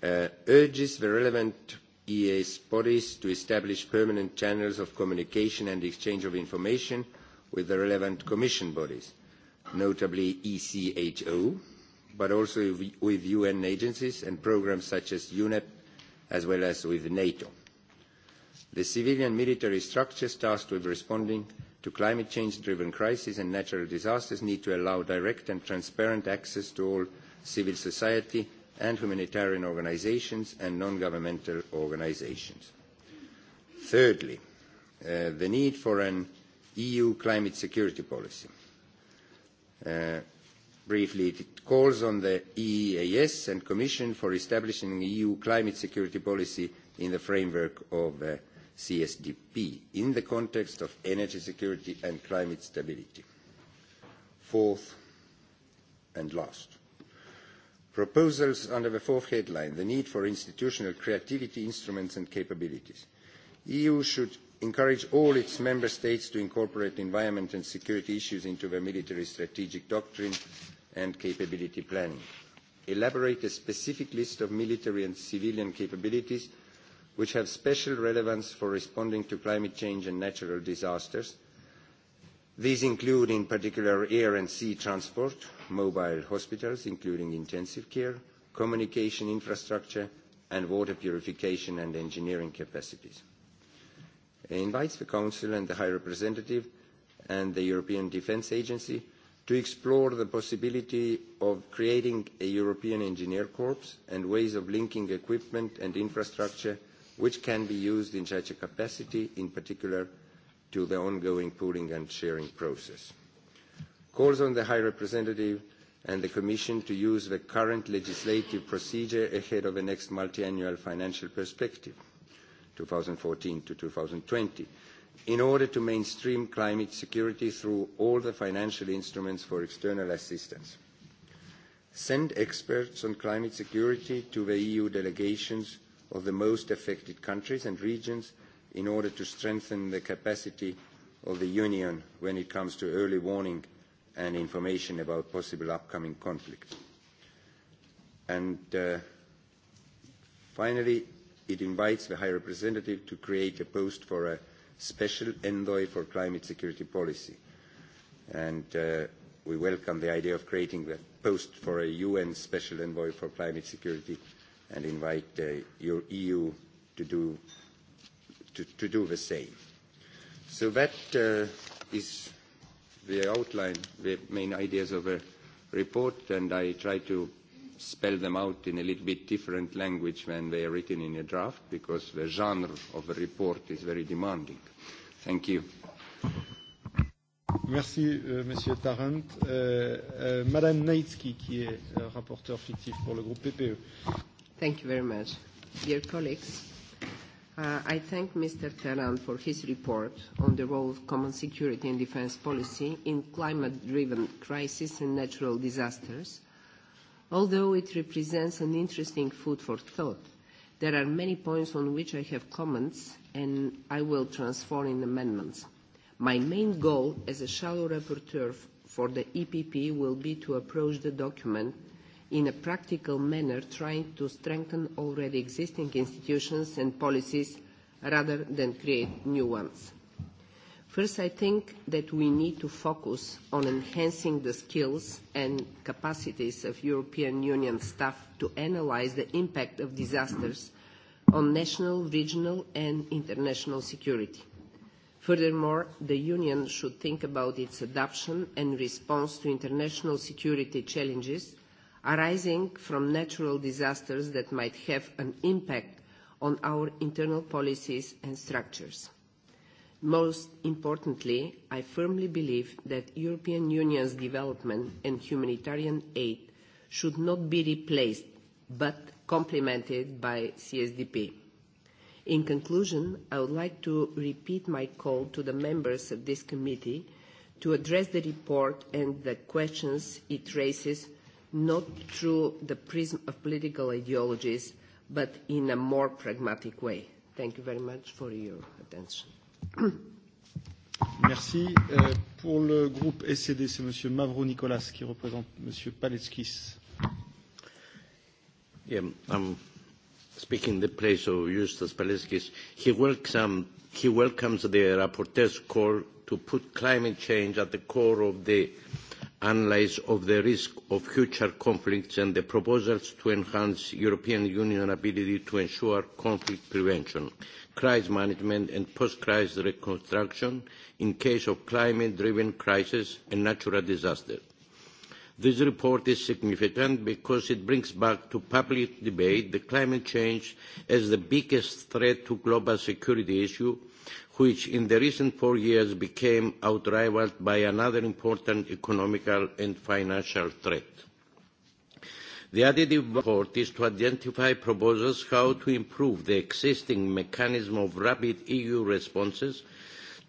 uh, urges the relevant EEA's bodies to establish permanent channels of communication and exchange of information with the relevant Commission bodies, notably ECHO, but also with UN agencies and programs such as UNEP, as well as with NATO. The civilian military structures tasked with responding to climate change-driven crises and natural disasters need to allow direct and transparent access to all civil society and humanitarian organizations and non-governmental organizations. Thirdly, uh, the need for an EU climate security policy. Uh, briefly, it calls on the EEAS and Commission for establishing an EU climate security policy in the framework of uh, CSDP in the context of energy security and climate stability. Fourth and last, Proposals under the fourth headline, the need for institutional creativity, instruments and capabilities. EU should encourage all its member states to incorporate environment and security issues into their military strategic doctrine and capability planning. Elaborate a specific list of military and civilian capabilities which have special relevance for responding to climate change and natural disasters – These include, in particular, air and sea transport, mobile hospitals, including intensive care, communication infrastructure, and water purification and engineering capacities. It invites the Council and the High Representative and the European Defence Agency to explore the possibility of creating a European Engineer Corps and ways of linking equipment and infrastructure which can be used in such a capacity, in particular to the ongoing pooling and sharing process. Calls on the High Representative and the Commission to use the current legislative procedure ahead of the next multi-annual financial perspective, 2014 to 2020, in order to mainstream climate security through all the financial instruments for external assistance. Send experts on climate security to the EU delegations of the most affected countries and regions in order to strengthen the capacity of the Union when it comes to early warning and information about possible upcoming conflict. And uh, finally, it invites the High Representative to create a post for a special envoy for climate security policy. And uh, we welcome the idea of creating the post for a UN special envoy for climate security and invite uh, your EU to do to, to do the same. So that uh, is the outline, the main ideas of the report, and I try to spell them out in a little bit different language when they are written in a draft, because the genre of the report is very demanding. Thank you. Merci, euh, Monsieur Tarrant. Euh, euh, Madame Naitsky, qui est euh, rapporteur fictif pour le groupe PPE. Thank you very much. Dear colleagues, Uh, I thank Mr. Ferran for his report on the role of common security and defense policy in climate-driven crises and natural disasters. Although it represents an interesting food for thought, there are many points on which I have comments, and I will transform in amendments. My main goal as a shallow rapporteur for the EPP will be to approach the document in a practical manner, trying to strengthen already existing institutions and policies rather than create new ones. First, I think that we need to focus on enhancing the skills and capacities of European Union staff to analyze the impact of disasters on national, regional, and international security. Furthermore, the Union should think about its adaptation and response to international security challenges arising from natural disasters that might have an impact on our internal policies and structures. Most importantly, I firmly believe that European Union's development and humanitarian aid should not be replaced, but complemented by CSDP. In conclusion, I would like to repeat my call to the members of this committee to address the report and the questions it raises not through the prism of political ideologies, but in a more pragmatic way. Thank you very much for your attention. Merci. Euh, pour le groupe SED, c'est Monsieur Mavro Nicolas qui représente Monsieur Paletskis. Yeah, I'm speaking in the place of Justas Paletskis. He, welcome, um, he welcomes the rapporteur's call to put climate change at the core of the uh, analysis of the risk of future conflicts and the proposals to enhance European Union ability to ensure conflict prevention, crisis management and post-crisis reconstruction in case of climate-driven crisis and natural disaster. This report is significant because it brings back to public debate the climate change as the biggest threat to global security issue which in the recent four years became outrivaled by another important economical and financial threat. The additive report is to identify proposals how to improve the existing mechanism of rapid EU responses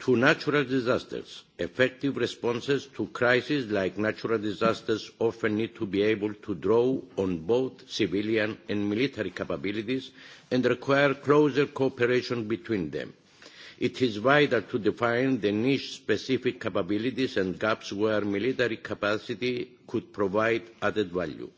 to natural disasters. Effective responses to crises like natural disasters often need to be able to draw on both civilian and military capabilities and require closer cooperation between them. It is vital to define the niche-specific capabilities and gaps where military capacity could provide added value.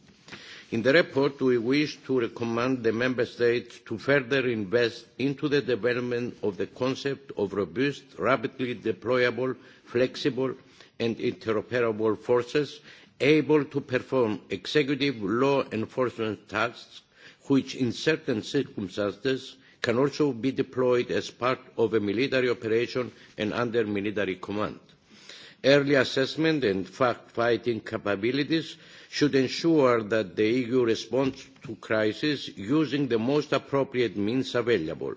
In the report, we wish to recommend the Member States to further invest into the development of the concept of robust, rapidly deployable, flexible and interoperable forces able to perform executive law enforcement tasks which in certain circumstances can also be deployed as part of a military operation and under military command. Early assessment and fact-fighting capabilities should ensure that the EU responds to crisis using the most appropriate means available,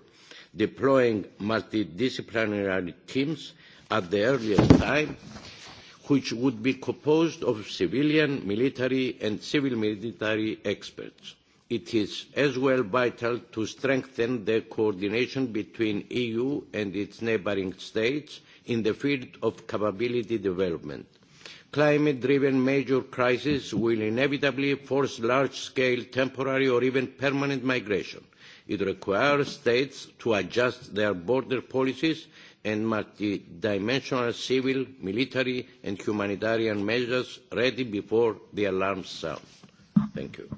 deploying multidisciplinary teams at the earliest time, which would be composed of civilian, military and civil military experts it is as well vital to strengthen the coordination between EU and its neighbouring states in the field of capability development. Climate-driven major crises will inevitably force large-scale temporary or even permanent migration. It requires states to adjust their border policies and multidimensional civil, military and humanitarian measures ready before the alarms sound. Thank you.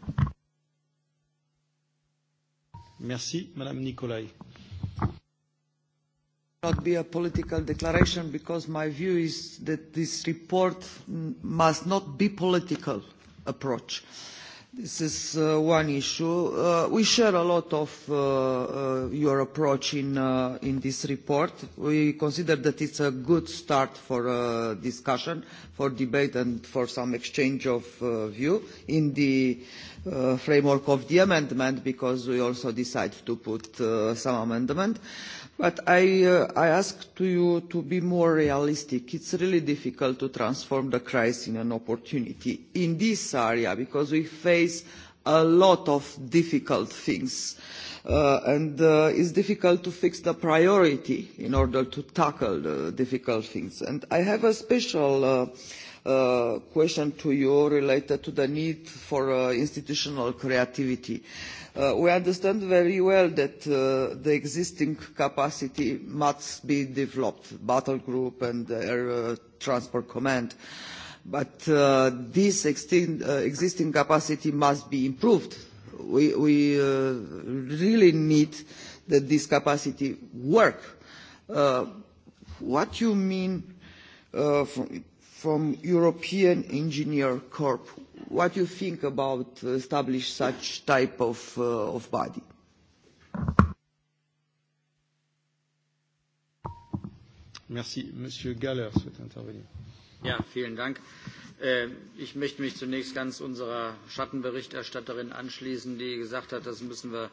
Merci, Madame Nicolai. Not be a political declaration because my view is that this report must not be political approach. Uh, This is uh, one issue. Uh, we share a lot of uh, uh, your approach in, uh, in this report. We consider that it's a good start for uh, discussion, for debate and for some exchange of uh, view in the uh, framework of the amendment because we also decide to put uh, some amendment. Uh, But I, uh, I ask to you to be more realistic. It's really difficult to transform the crisis in an opportunity in this area because we face a lot of difficult things. Uh, and uh, it's difficult to fix the priority in order to tackle the difficult things. And I have a special uh, uh, question to you related to the need for uh, institutional creativity. Uh, we understand very well that uh, the existing capacity must be developed, battle group and uh, air uh, transport command. But uh, this extin- uh, existing capacity must be improved. We, we uh, really need that this capacity work. Uh, what you mean uh, from, from European Engineer Corp. What do you think about uh, establish such type of, uh, of body? Merci. Monsieur Galler souhaite intervenir. Ja, vielen Dank. Äh, ich möchte mich zunächst ganz unserer Schattenberichterstatterin anschließen, die gesagt hat, das müssen wir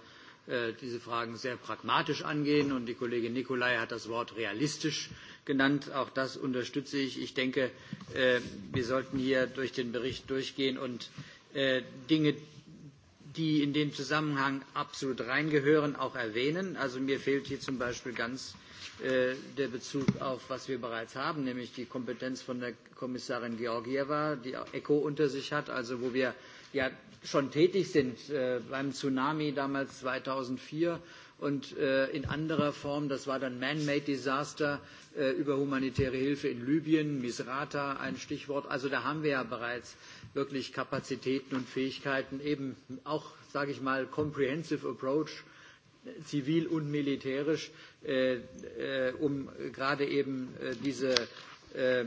äh, diese Fragen sehr pragmatisch angehen. Und die Kollegin Nicolai hat das Wort realistisch genannt. Auch das unterstütze ich. Ich denke, äh, wir sollten hier durch den Bericht durchgehen und äh, Dinge, die in den Zusammenhang absolut reingehören, auch erwähnen. Also mir fehlt hier zum Beispiel ganz äh, der Bezug auf, was wir bereits haben, nämlich die Kompetenz von der Kommissarin Georgieva, die ECO unter sich hat, also wo wir ja schon tätig sind, äh, beim Tsunami damals 2004 und äh, in anderer Form, das war dann Man-Made Disaster äh, über humanitäre Hilfe in Libyen, Misrata ein Stichwort. Also da haben wir ja bereits wirklich Kapazitäten und Fähigkeiten, eben auch, sage ich mal, comprehensive approach, zivil und militärisch, äh, äh, um gerade eben äh, diese äh,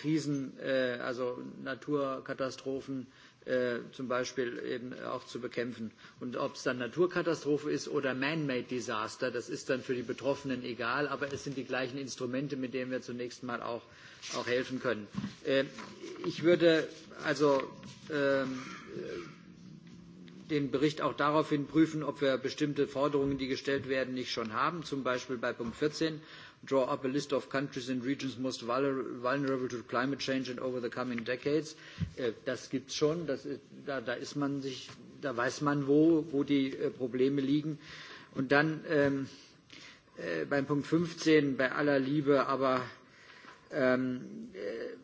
Krisen, äh, also Naturkatastrophen, äh, äh, zum Beispiel eben auch zu bekämpfen. Und ob es dann Naturkatastrophe ist oder Man-Made Disaster, das ist dann für die Betroffenen egal, aber es sind die gleichen Instrumente, mit denen wir zunächst mal auch, auch helfen können. Äh, ich würde also ähm, den Bericht auch daraufhin prüfen, ob wir bestimmte Forderungen, die gestellt werden, nicht schon haben, zum Beispiel bei Punkt 14 draw up a list of countries and regions most vulnerable to climate change and over the coming decades. Äh, das gibt's schon. Das ist, da, da ist man sich, da weiß man, wo, wo die äh, Probleme liegen. Und dann ähm, äh, beim Punkt 15, bei aller Liebe, aber ähm, äh,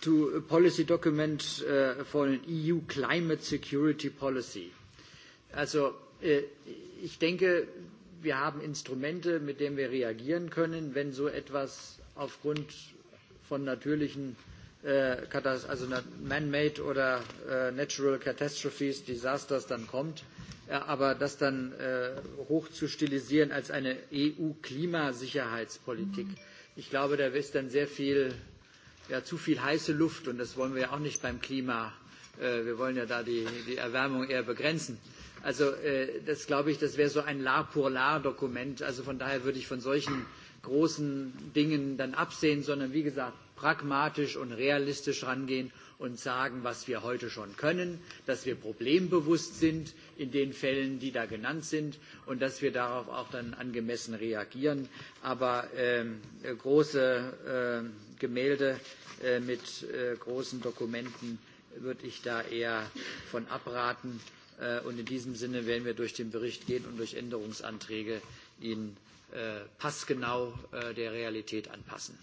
to a policy document uh, for an EU climate security policy. Also äh, ich denke, wir haben Instrumente, mit denen wir reagieren können, wenn so etwas aufgrund von natürlichen äh, Katast also man-made oder äh, natural catastrophes, Disasters dann kommt. Äh, aber das dann äh, hoch zu stilisieren als eine EU-Klimasicherheitspolitik, ich glaube, da ist dann sehr viel, ja, zu viel heiße Luft und das wollen wir ja auch nicht beim Klima. Äh, wir wollen ja da die, die Erwärmung eher begrenzen. Äh, Also äh, das glaube ich, das wäre so ein La pour La Dokument. Also von daher würde ich von solchen großen Dingen dann absehen, sondern wie gesagt pragmatisch und realistisch rangehen und sagen, was wir heute schon können, dass wir problembewusst sind in den Fällen, die da genannt sind und dass wir darauf auch dann angemessen reagieren. Aber ähm, große äh, Gemälde äh, mit äh, großen Dokumenten würde ich da eher von abraten. Äh, Äh, und in diesem Sinne werden wir durch den Bericht gehen und durch Änderungsanträge ihn äh, passgenau äh, der Realität anpassen.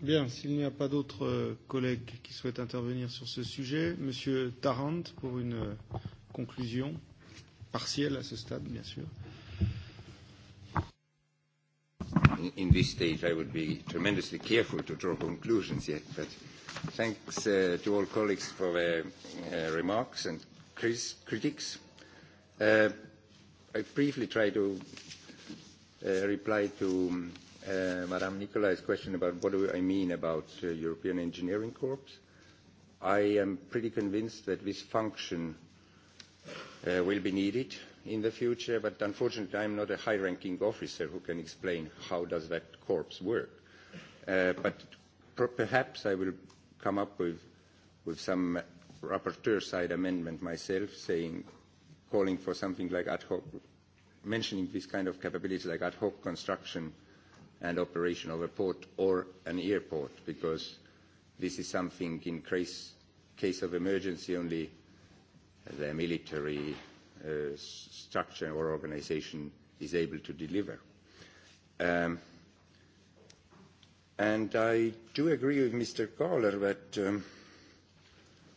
Bien, s'il n'y a pas d'autres euh, collègues qui souhaitent intervenir sur ce sujet, Monsieur Tarrant, pour une euh, conclusion partielle à ce stade, bien sûr. Euh, in, in this stage, I would be tremendously careful to draw conclusions yet, but thanks uh, to all colleagues for their uh, remarks and cris- critics. Uh, I briefly try to uh, reply to um, uh, Madame Nicolai's question about what do I mean about uh, European Engineering Corps. I am pretty convinced that this function uh, will be needed in the future, but unfortunately I'm not a high-ranking officer who can explain how does that corps work. Uh, but per perhaps I will come up with, with some rapporteur side amendment myself saying, calling for something like ad hoc, mentioning this kind of capability like ad hoc construction and operation of a port or an airport, because this is something in case, case of emergency only the military uh, structure or organization is able to deliver. Um, and I do agree with Mr. Kohler that, um,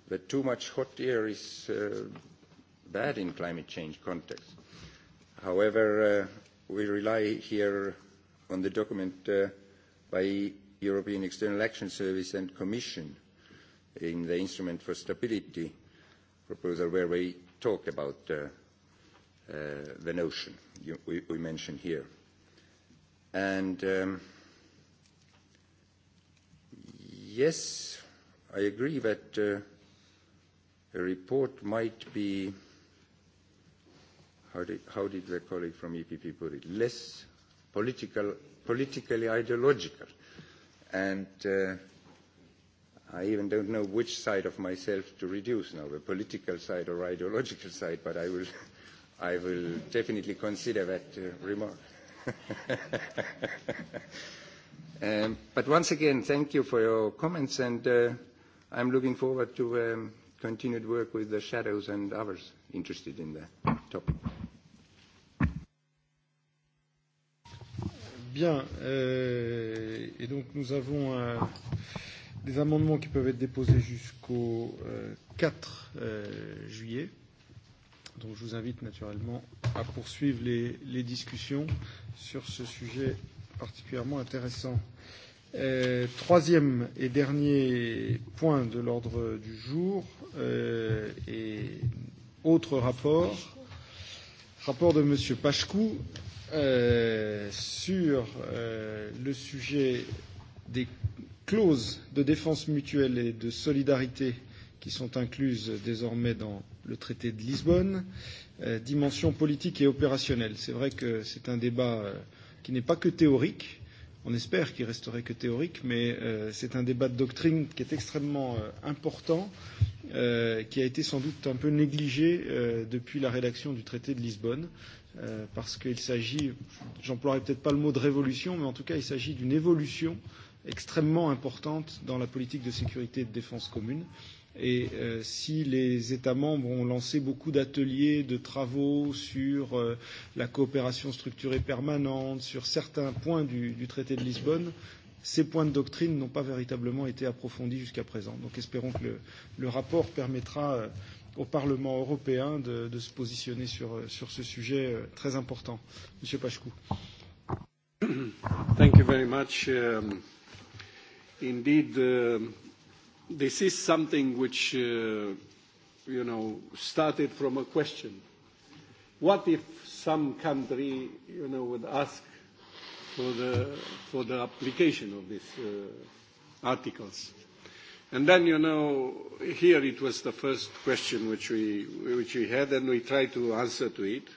that too much hot air is uh, bad in climate change context. However, uh, we rely here on the document uh, by European External Action Service and Commission in the Instrument for Stability proposal where we talk about uh, uh, the notion you, we, we mentioned here. And um, yes, I agree that uh, a report might be, how did, how did the colleague from EPP put it, less political, politically ideological. And uh, I even don't know which side of myself to reduce now, the political side or ideological side, but I will, I will definitely consider that uh, remark. um, but once again, thank you for your comments, and uh, I'm looking forward to um, continued work with the shadows and others interested in the topic. Bien, euh, et donc nous avons euh, des amendements qui peuvent être déposés jusqu'au euh, 4 euh, juillet. Donc je vous invite naturellement à poursuivre les, les discussions sur ce sujet particulièrement intéressant. Euh, troisième et dernier point de l'ordre du jour euh, et autre rapport, rapport de M. Pachkou euh, sur euh, le sujet des clauses de défense mutuelle et de solidarité qui sont incluses désormais dans le traité de Lisbonne, euh, dimension politique et opérationnelle. C'est vrai que c'est un débat euh, qui n'est pas que théorique, on espère qu'il resterait que théorique, mais euh, c'est un débat de doctrine qui est extrêmement euh, important, euh, qui a été sans doute un peu négligé euh, depuis la rédaction du traité de Lisbonne, euh, parce qu'il s'agit, j'emploierai peut-être pas le mot de révolution, mais en tout cas il s'agit d'une évolution euh, extrêmement importante dans la politique de sécurité et de défense commune. Et euh, si les États membres ont lancé beaucoup d'ateliers, de travaux sur euh, la coopération structurée permanente, sur certains points du, du traité de Lisbonne, ces points de doctrine n'ont pas véritablement été approfondis jusqu'à présent. Donc espérons que le, le rapport permettra euh, au Parlement européen de, de se positionner sur, euh, sur ce sujet euh, très important. Monsieur Pachkou. Thank you very much. Um indeed, uh, this is something which, uh, you know, started from a question. What if some country, you know, would ask for the, for the application of these uh, articles? And then, you know, here it was the first question which we, which we had, and we tried to answer to it. Uh,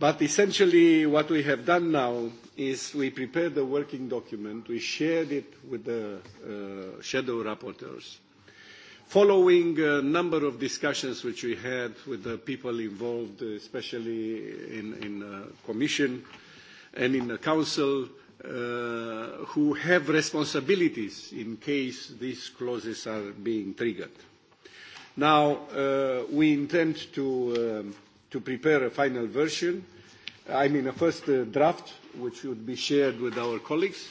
But essentially, what we have done now is we prepared a working document. We shared it with the uh, shadow rapporteurs. Following a number of discussions which we had with the people involved, especially in, in the Commission and in the Council, uh, who have responsibilities in case these clauses are being triggered. Now, uh, we intend to um, to prepare a final version, I mean a first uh, draft, which would be shared with our colleagues.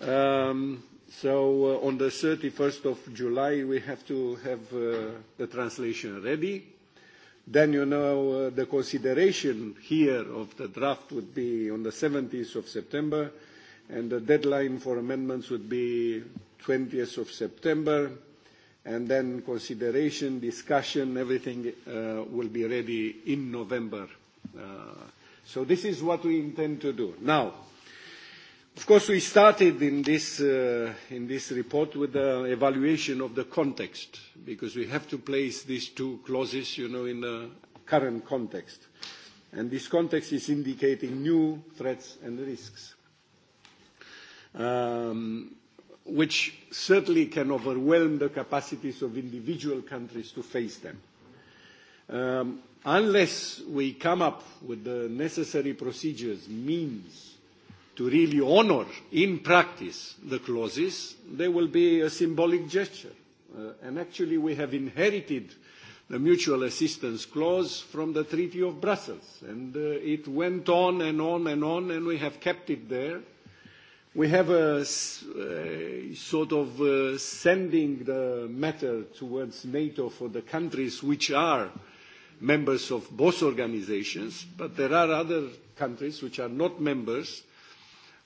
Um, so uh, on the 31st of July, we have to have uh, the translation ready. Then, you know, uh, the consideration here of the draft would be on the 17th of September, and the deadline for amendments would be 20th of September and then consideration, discussion, everything uh, will be ready in November. Uh, so this is what we intend to do. Now, of course, we started in this, uh, in this report with the evaluation of the context, because we have to place these two clauses, you know, in the current context. And this context is indicating new threats and risks. Um, which certainly can overwhelm the capacities of individual countries to face them. Um, unless we come up with the necessary procedures, means to really honor in practice the clauses, they will be a symbolic gesture. Uh, and actually we have inherited the mutual assistance clause from the Treaty of Brussels. And uh, it went on and on and on, and we have kept it there we have a, a sort of uh, sending the matter towards NATO for the countries which are members of both organizations, but there are other countries which are not members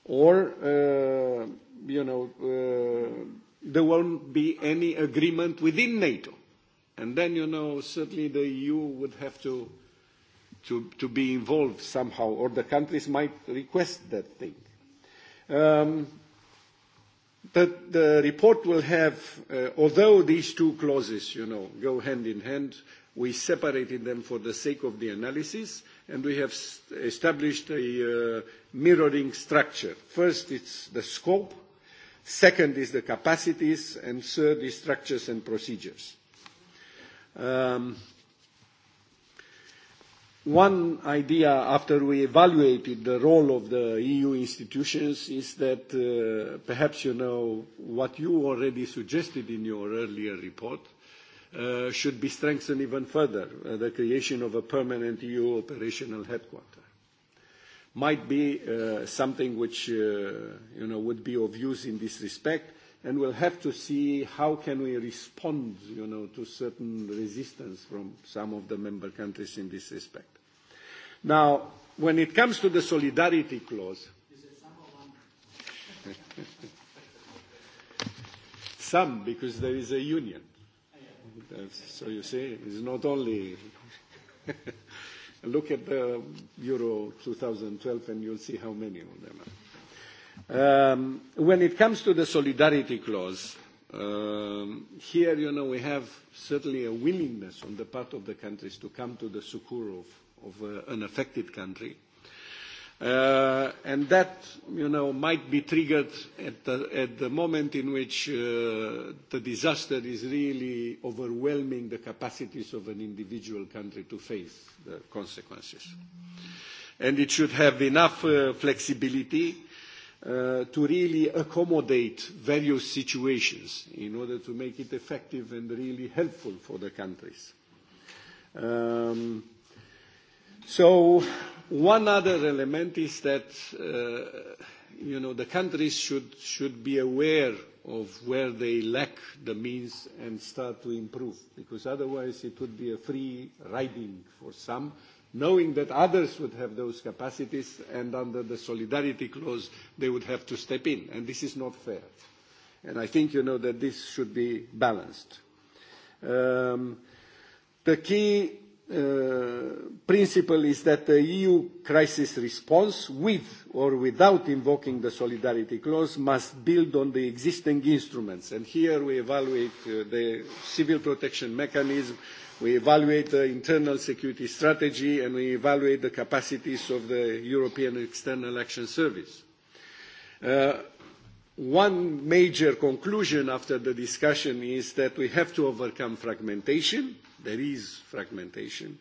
or, uh, you know, uh, there won't be any agreement within NATO. And then, you know, certainly the EU would have to, to, to be involved somehow, or the countries might request that thing. Uh, Um, the, the report will have, uh, although these two clauses, you know, go hand in hand, we separated them for the sake of the analysis, and we have established a uh, mirroring structure. First, it's the scope, second is the capacities, and third is structures and procedures. Um, One idea after we evaluated the role of the EU institutions is that uh, perhaps you know what you already suggested in your earlier report uh, should be strengthened even further, uh, the creation of a permanent EU operational headquarter. Might be uh, something which uh, you know, would be of use in this respect, and we'll have to see how can we respond you know, to certain resistance from some of the member countries in this respect. Now, when it comes to the solidarity clause, some, because there is a union. So you see, it's not only. Look at the Euro 2012 and you'll see how many of them are. Um, when it comes to the solidarity clause, um, here, you know, we have certainly a willingness on the part of the countries to come to the succour of of uh, an affected country. Uh, and that, you know, might be triggered at the, at the moment in which uh, the disaster is really overwhelming the capacities of an individual country to face the consequences. And it should have enough uh, flexibility uh, to really accommodate various situations in order to make it effective and really helpful for the countries. Um, So one other element is that uh, you know the countries should should be aware of where they lack the means and start to improve because otherwise it would be a free riding for some knowing that others would have those capacities and under the solidarity clause they would have to step in and this is not fair and i think you know that this should be balanced um, the key uh, principle is that the EU crisis response, with or without invoking the solidarity clause, must build on the existing instruments. And here we evaluate uh, the civil protection mechanism, we evaluate the internal security strategy, and we evaluate the capacities of the European External Action Service. Uh, one major conclusion after the discussion is that we have to overcome fragmentation, uh, There is fragmentation.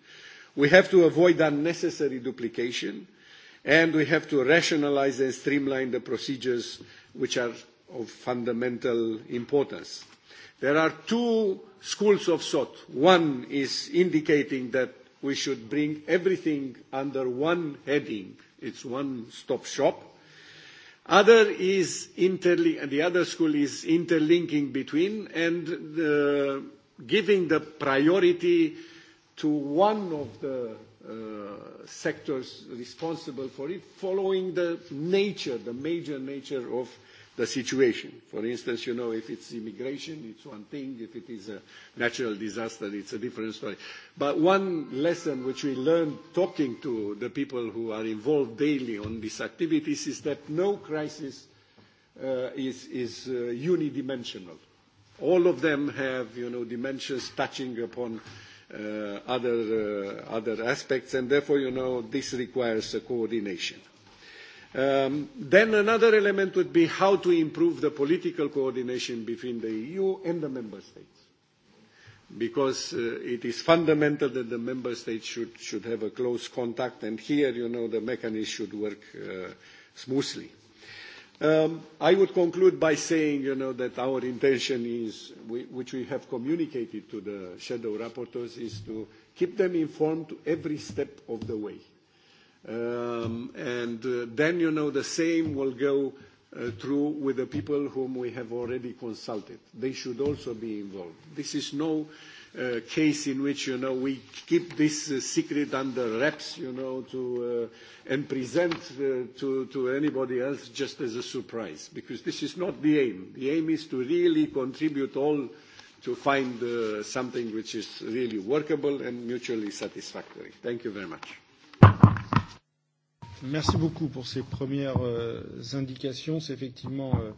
We have to avoid unnecessary duplication, and we have to rationalize and streamline the procedures which are of fundamental importance. There are two schools of thought. One is indicating that we should bring everything under one heading. It's one-stop shop. Other is interli- the other school is interlinking between, and the giving the priority to one of the uh, sectors responsible for it, following the nature, the major nature of the situation. For instance, you know, if it's immigration, it's one thing. If it is a natural disaster, it's a different story. But one lesson which we learned talking to the people who are involved daily on these activities is that no crisis uh, is, is uh, unidimensional. Uh, All of them have, you know, dimensions touching upon uh, other, uh, other aspects, and therefore, you know, this requires a coordination. Um, then another element would be how to improve the political coordination between the EU and the member states because uh, it is fundamental that the member states should, should have a close contact, and here, you know, the mechanism should work uh, smoothly. Um, I would conclude by saying, you know, that our intention is, we, which we have communicated to the shadow rapporteurs, is to keep them informed every step of the way. Um, and uh, then, you know, the same will go uh, through with the people whom we have already consulted. They should also be involved. This is no uh, uh, case in which you know we keep this uh, secret under wraps, you know, to uh, and present uh, to to anybody else just as a surprise, because this is not the aim. The aim is to really contribute all to find uh, something which is really workable and mutually satisfactory. Thank you very much. Merci beaucoup pour ces premières euh, indications. C'est effectivement euh,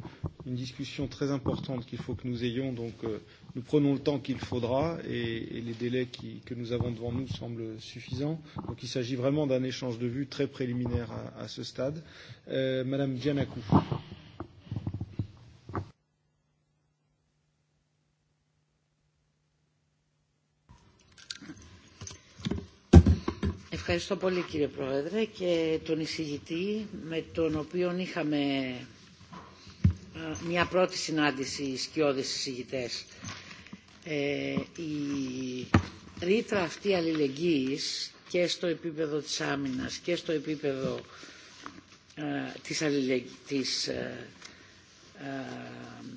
une discussion très importante qu'il faut que nous ayons. Donc, euh, nous prenons le temps qu'il faudra et, et les délais qui, que nous avons devant nous semblent suffisants. Donc, il s'agit vraiment d'un échange de vues très préliminaire à, à ce stade. Euh, Madame Giannakou. Euh, Ευχαριστώ πολύ κύριε Πρόεδρε και τον εισηγητή με τον οποίο είχαμε μια πρώτη συνάντηση σκιώδης εισηγητές. Ε, η ρήτρα αυτή αλληλεγγύης και στο επίπεδο της άμυνας και στο επίπεδο ε, της, αλληλεγ... της ε, ε,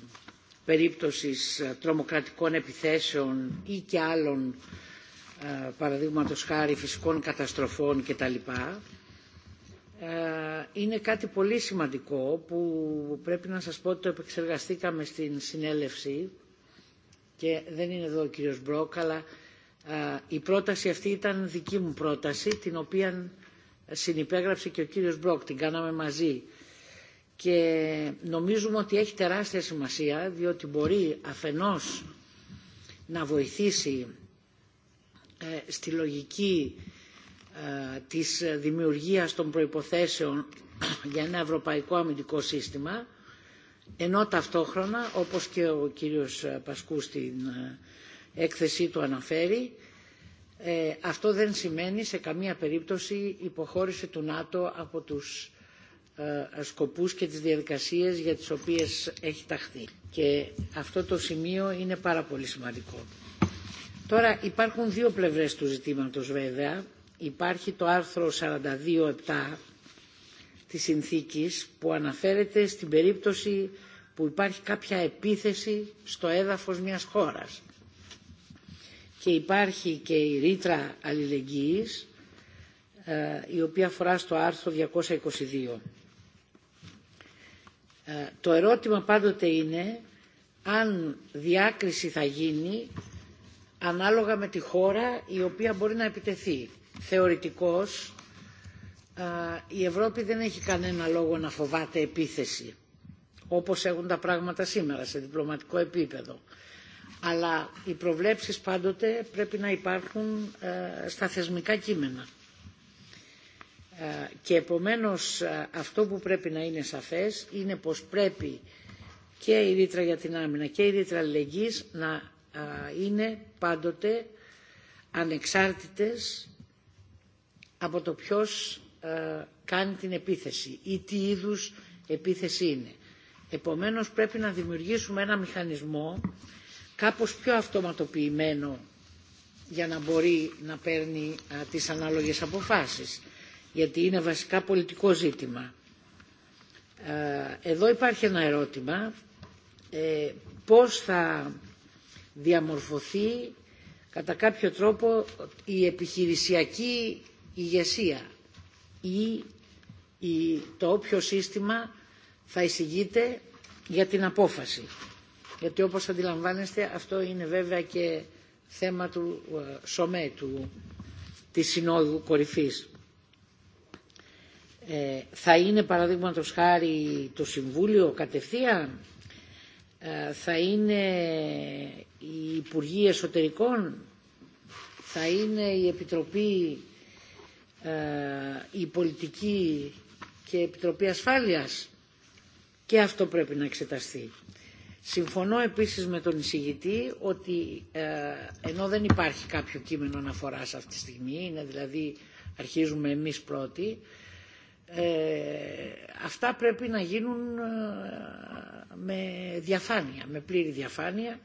περίπτωσης τρομοκρατικών επιθέσεων ή και άλλων ε, παραδείγματος χάρη φυσικών καταστροφών κτλ. Είναι κάτι πολύ σημαντικό που πρέπει να σας πω ότι το επεξεργαστήκαμε στην συνέλευση και δεν είναι εδώ ο κύριος Μπρόκ, αλλά η πρόταση αυτή ήταν δική μου πρόταση, την οποία συνυπέγραψε και ο κύριος Μπρόκ, την κάναμε μαζί. Και νομίζουμε ότι έχει τεράστια σημασία, διότι μπορεί αφενός να βοηθήσει στη λογική της δημιουργίας των προϋποθέσεων για ένα ευρωπαϊκό αμυντικό σύστημα ενώ ταυτόχρονα όπως και ο κύριος Πασκού στην έκθεσή του αναφέρει ε, αυτό δεν σημαίνει σε καμία περίπτωση υποχώρηση του ΝΑΤΟ από τους ε, σκοπούς και τις διαδικασίες για τις οποίες έχει ταχθεί. Και αυτό το σημείο είναι πάρα πολύ σημαντικό. Τώρα υπάρχουν δύο πλευρές του ζητήματος βέβαια. Υπάρχει το άρθρο 42.7 της συνθήκης που αναφέρεται στην περίπτωση που υπάρχει κάποια επίθεση στο έδαφος μιας χώρας. Και υπάρχει και η ρήτρα αλληλεγγύης η οποία αφορά στο άρθρο 222. Το ερώτημα πάντοτε είναι αν διάκριση θα γίνει ανάλογα με τη χώρα η οποία μπορεί να επιτεθεί. Θεωρητικώς α, η Ευρώπη δεν έχει κανένα λόγο να φοβάται επίθεση όπως έχουν τα πράγματα σήμερα σε διπλωματικό επίπεδο. Αλλά οι προβλέψεις πάντοτε πρέπει να υπάρχουν ε, στα θεσμικά κείμενα. Ε, και επομένως αυτό που πρέπει να είναι σαφές είναι πως πρέπει και η ρήτρα για την άμυνα και η ρήτρα αλληλεγγύης να είναι πάντοτε ανεξάρτητες από το ποιος κάνει την επίθεση ή τι είδους επίθεση είναι. Επομένως πρέπει να δημιουργήσουμε ένα μηχανισμό κάπως πιο αυτοματοποιημένο για να μπορεί να παίρνει α, τις ανάλογες αποφάσεις γιατί είναι βασικά πολιτικό ζήτημα. Εδώ υπάρχει ένα ερώτημα ε, πώς θα διαμορφωθεί κατά κάποιο τρόπο η επιχειρησιακή ηγεσία ή η, το όποιο σύστημα θα εισηγείται για την απόφαση. Γιατί όπως αντιλαμβάνεστε αυτό είναι βέβαια και θέμα του ΣΟΜΕ, του, της Συνόδου Κορυφής. Ε, θα είναι παραδείγματος χάρη το Συμβούλιο κατευθείαν θα είναι οι Υπουργοί Εσωτερικών, θα είναι η Επιτροπή, η Πολιτική και η Επιτροπή Ασφάλειας. Και αυτό πρέπει να εξεταστεί. Συμφωνώ επίσης με τον εισηγητή ότι ε, ενώ δεν υπάρχει κάποιο κείμενο αναφοράς αυτή τη στιγμή, είναι δηλαδή αρχίζουμε εμείς πρώτοι, ε, αυτά πρέπει να γίνουν ε, με διαφάνεια, με πλήρη διαφάνεια.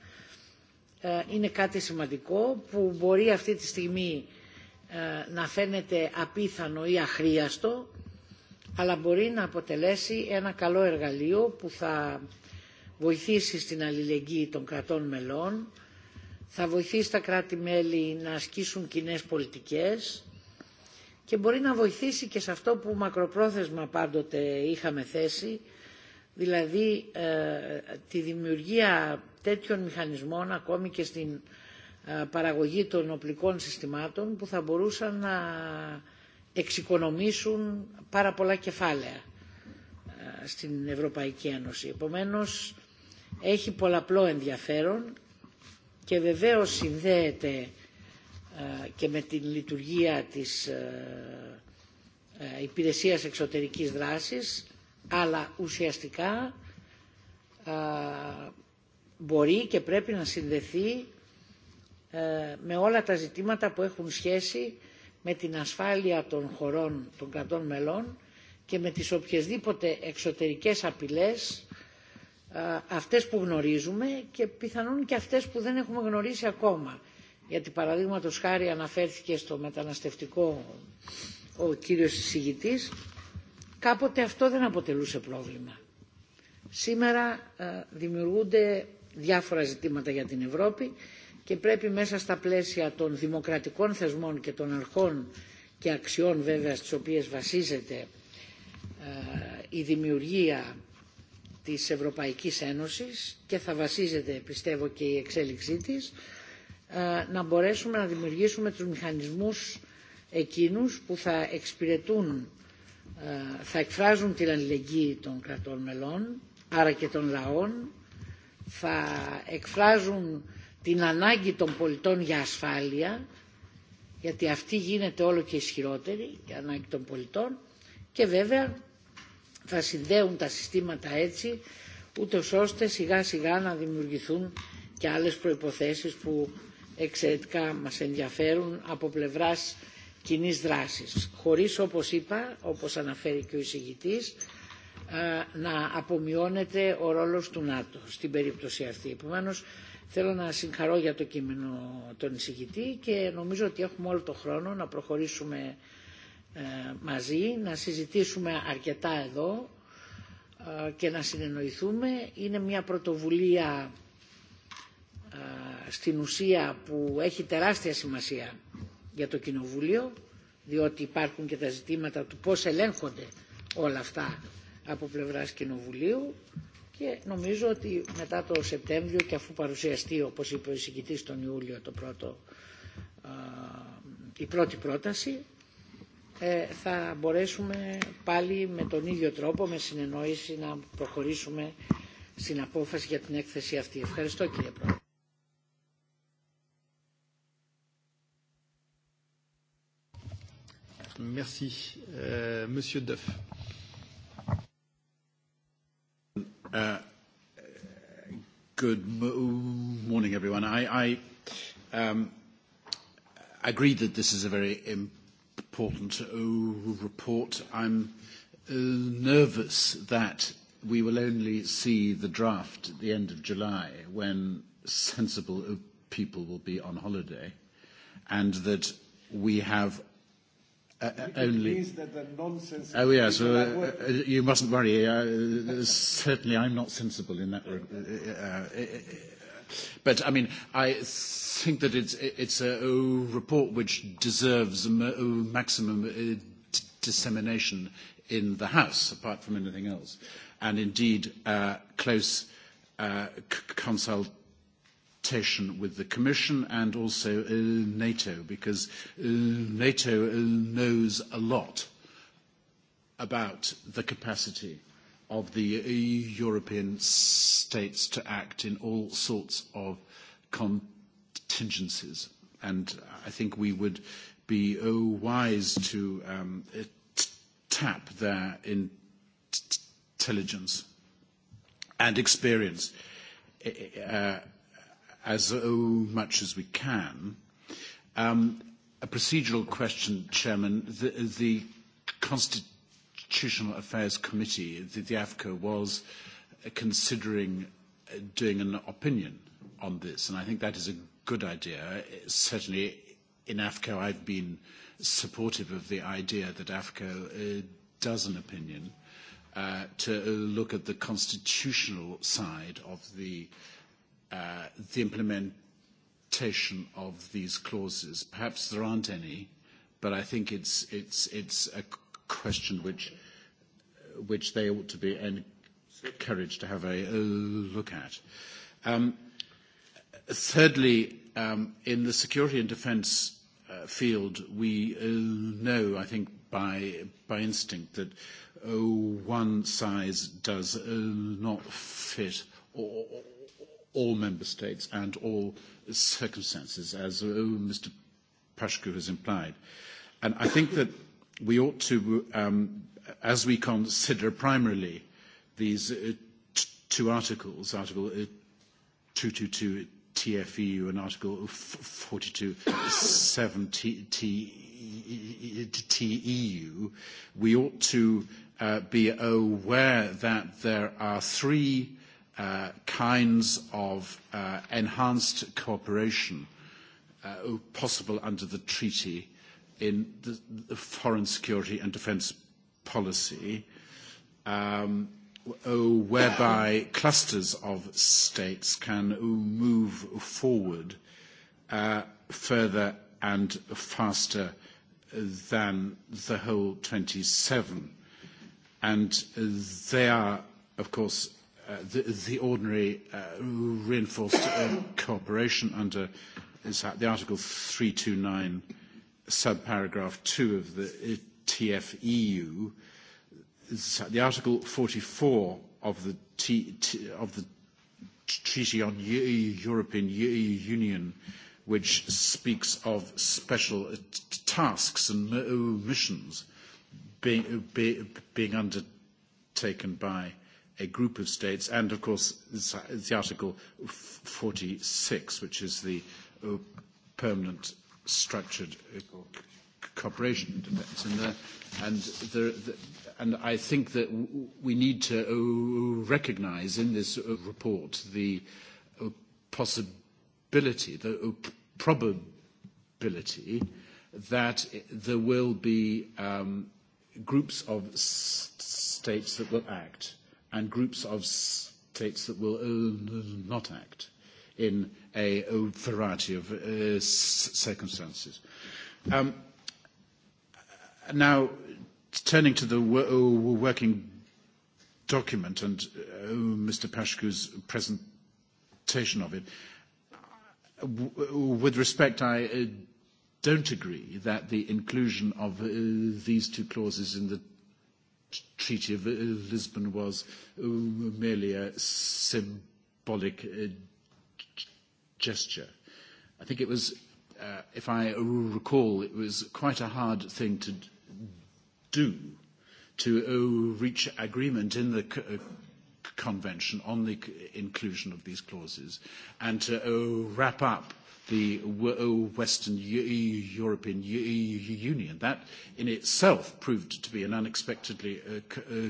Είναι κάτι σημαντικό που μπορεί αυτή τη στιγμή να φαίνεται απίθανο ή αχρίαστο, αλλά μπορεί να αποτελέσει ένα καλό εργαλείο που θα βοηθήσει στην αλληλεγγύη των κρατών μελών, θα βοηθήσει τα κράτη-μέλη να ασκήσουν κοινέ πολιτικές και μπορεί να βοηθήσει και σε αυτό που μακροπρόθεσμα πάντοτε είχαμε θέσει, δηλαδή ε, τη δημιουργία τέτοιων μηχανισμών ακόμη και στην ε, παραγωγή των οπλικών συστημάτων που θα μπορούσαν να εξοικονομήσουν πάρα πολλά κεφάλαια ε, στην Ευρωπαϊκή Ένωση. Επομένως έχει πολλαπλό ενδιαφέρον και βεβαίως συνδέεται ε, και με την λειτουργία της ε, ε, υπηρεσίας εξωτερικής δράσης αλλά ουσιαστικά α, μπορεί και πρέπει να συνδεθεί ε, με όλα τα ζητήματα που έχουν σχέση με την ασφάλεια των χωρών των κρατών μελών και με τις οποιασδήποτε εξωτερικές απειλές α, αυτές που γνωρίζουμε και πιθανόν και αυτές που δεν έχουμε γνωρίσει ακόμα. Γιατί παραδείγματος χάρη αναφέρθηκε στο μεταναστευτικό ο κύριος συγητής Κάποτε αυτό δεν αποτελούσε πρόβλημα. Σήμερα ε, δημιουργούνται διάφορα ζητήματα για την Ευρώπη και πρέπει μέσα στα πλαίσια των δημοκρατικών θεσμών και των αρχών και αξιών βέβαια στις οποίες βασίζεται ε, η δημιουργία της Ευρωπαϊκής Ένωσης και θα βασίζεται πιστεύω και η εξέλιξή της ε, να μπορέσουμε να δημιουργήσουμε τους μηχανισμούς εκείνους που θα εξυπηρετούν θα εκφράζουν την αλληλεγγύη των κρατών μελών, άρα και των λαών, θα εκφράζουν την ανάγκη των πολιτών για ασφάλεια, γιατί αυτή γίνεται όλο και ισχυρότερη, η ανάγκη των πολιτών, και βέβαια θα συνδέουν τα συστήματα έτσι, ούτε ώστε σιγά σιγά να δημιουργηθούν και άλλες προϋποθέσεις που εξαιρετικά μας ενδιαφέρουν από πλευράς κοινή δράσης, χωρίς όπως είπα, όπως αναφέρει και ο εισηγητής, να απομειώνεται ο ρόλος του ΝΑΤΟ στην περίπτωση αυτή. Επομένως, θέλω να συγχαρώ για το κείμενο τον εισηγητή και νομίζω ότι έχουμε όλο το χρόνο να προχωρήσουμε μαζί, να συζητήσουμε αρκετά εδώ και να συνεννοηθούμε. Είναι μια πρωτοβουλία στην ουσία που έχει τεράστια σημασία για το Κοινοβούλιο, διότι υπάρχουν και τα ζητήματα του πώς ελέγχονται όλα αυτά από πλευράς Κοινοβουλίου και νομίζω ότι μετά το Σεπτέμβριο και αφού παρουσιαστεί, όπως είπε ο εισηγητής τον Ιούλιο, το πρώτο, ε, η πρώτη πρόταση, ε, θα μπορέσουμε πάλι με τον ίδιο τρόπο, με συνεννόηση, να προχωρήσουμε στην απόφαση για την έκθεση αυτή. Ευχαριστώ κύριε Πρόεδρε. Merci. Euh, Monsieur Duff. Uh, uh good mo morning, everyone. I, I um, agree that this is a very important uh, report. I'm uh, nervous that we will only see the draft at the end of July when sensible people will be on holiday, and that we have Uh, uh, only. Please, that the nonsense. Oh yes, yeah, so, uh, uh, you mustn't worry. Uh, uh, certainly, I'm not sensible in that. Regard. Uh, uh, uh, but I mean, I think that it's it's a, a report which deserves maximum uh, dissemination in the House, apart from anything else, and indeed uh, close uh, c- consultation consultation with the Commission and also uh, NATO, because uh, NATO uh, knows a lot about the capacity of the uh, European states to act in all sorts of contingencies. And I think we would be uh, wise to um, uh, t- tap their in- t- intelligence and experience uh, as uh, much as we can. Um, a procedural question, Chairman. The, the Constitutional Affairs Committee, the, the AFCO, was considering uh, doing an opinion on this, and I think that is a good idea. Certainly in AFCO, I've been supportive of the idea that AFCO uh, does an opinion uh, to look at the constitutional side of the uh, uh, the implementation of these clauses. Perhaps there aren't any, but I think it's, it's, it's a question which, which they ought to be encouraged to have a look at. Um, thirdly, um, in the security and defense uh, field, we uh, know, I think, by, by instinct that oh, one size does uh, not fit all, all member states and all circumstances, as uh, Mr. Pashku has implied. And I think that we ought to, um, as we consider primarily these uh, t- two articles, Article uh, 222 TFEU and Article 42.7 T, T, TEU, we ought to uh, be aware that there are three uh, kinds of uh, enhanced cooperation uh, possible under the treaty in the, the foreign security and defence policy, um, oh, whereby clusters of states can move forward uh, further and faster than the whole 27. And they are, of course, uh, the, the ordinary uh, reinforced uh, cooperation under is the Article 329, subparagraph 2 of the uh, TFEU. The Article 44 of the, T, T, of the Treaty on U, European U, Union, which speaks of special uh, tasks and uh, missions being, be, being undertaken by a group of states, and of course it's, it's the Article 46, which is the uh, permanent structured uh, cooperation and defence. And, the, and, the, the, and I think that w- we need to uh, recognise in this uh, report the uh, possibility, the uh, probability that there will be um, groups of s- states that will act and groups of states that will uh, not act in a, a variety of uh, circumstances. Um, now, turning to the wo- uh, working document and uh, Mr. Pashku's presentation of it, w- with respect, I uh, don't agree that the inclusion of uh, these two clauses in the Treaty of Lisbon was uh, merely a symbolic uh, gesture. I think it was, uh, if I recall, it was quite a hard thing to do to uh, reach agreement in the uh, Convention on the inclusion of these clauses and to oh, wrap up the Western European Union. That in itself proved to be an unexpectedly uh, uh,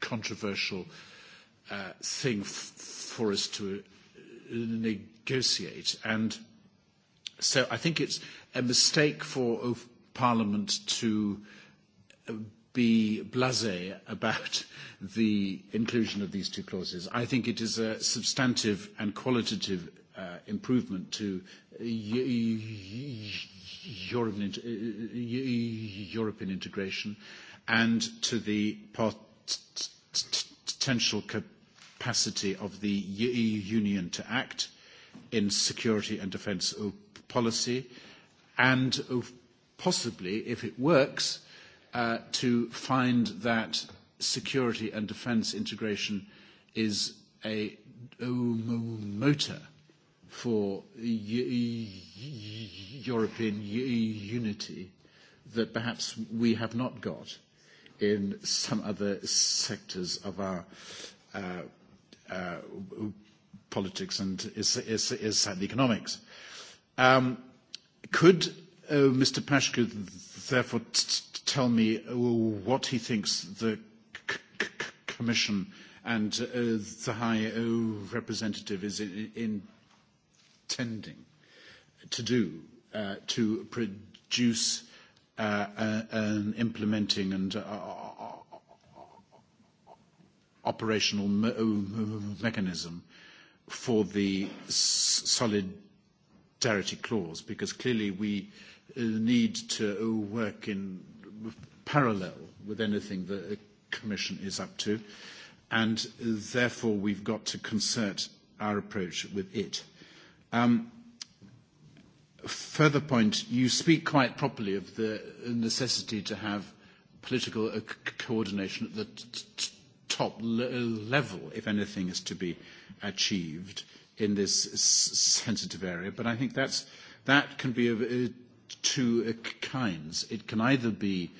controversial uh, thing for us to uh, negotiate. And so I think it's a mistake for Parliament to be blasé about the inclusion of these two clauses. I think it is a substantive and qualitative uh, improvement to European, uh, uh, European integration and to the potential capacity of the Union to act in security and defence policy and possibly, if it works, uh, to find that security and defence integration is a, a motor for European unity that perhaps we have not got in some other sectors of our uh, uh, politics and is, is, is economics. Um, could Oh, Mr. Pash could therefore t- tell me uh, what he thinks the c- c- Commission and uh, the High uh, Representative is in- in- intending to do uh, to produce uh, uh, an implementing and uh, uh operational me- mechanism for the solidarity clause, because clearly we uh, Uh, need to work in parallel with anything the Commission is up to, and therefore we've got to concert our approach with it. Um, further point, you speak quite properly of the necessity to have political uh, coordination at the t- t- top le- level if anything is to be achieved in this s- sensitive area. But I think that's, that can be of uh, two uh, kinds. It can either be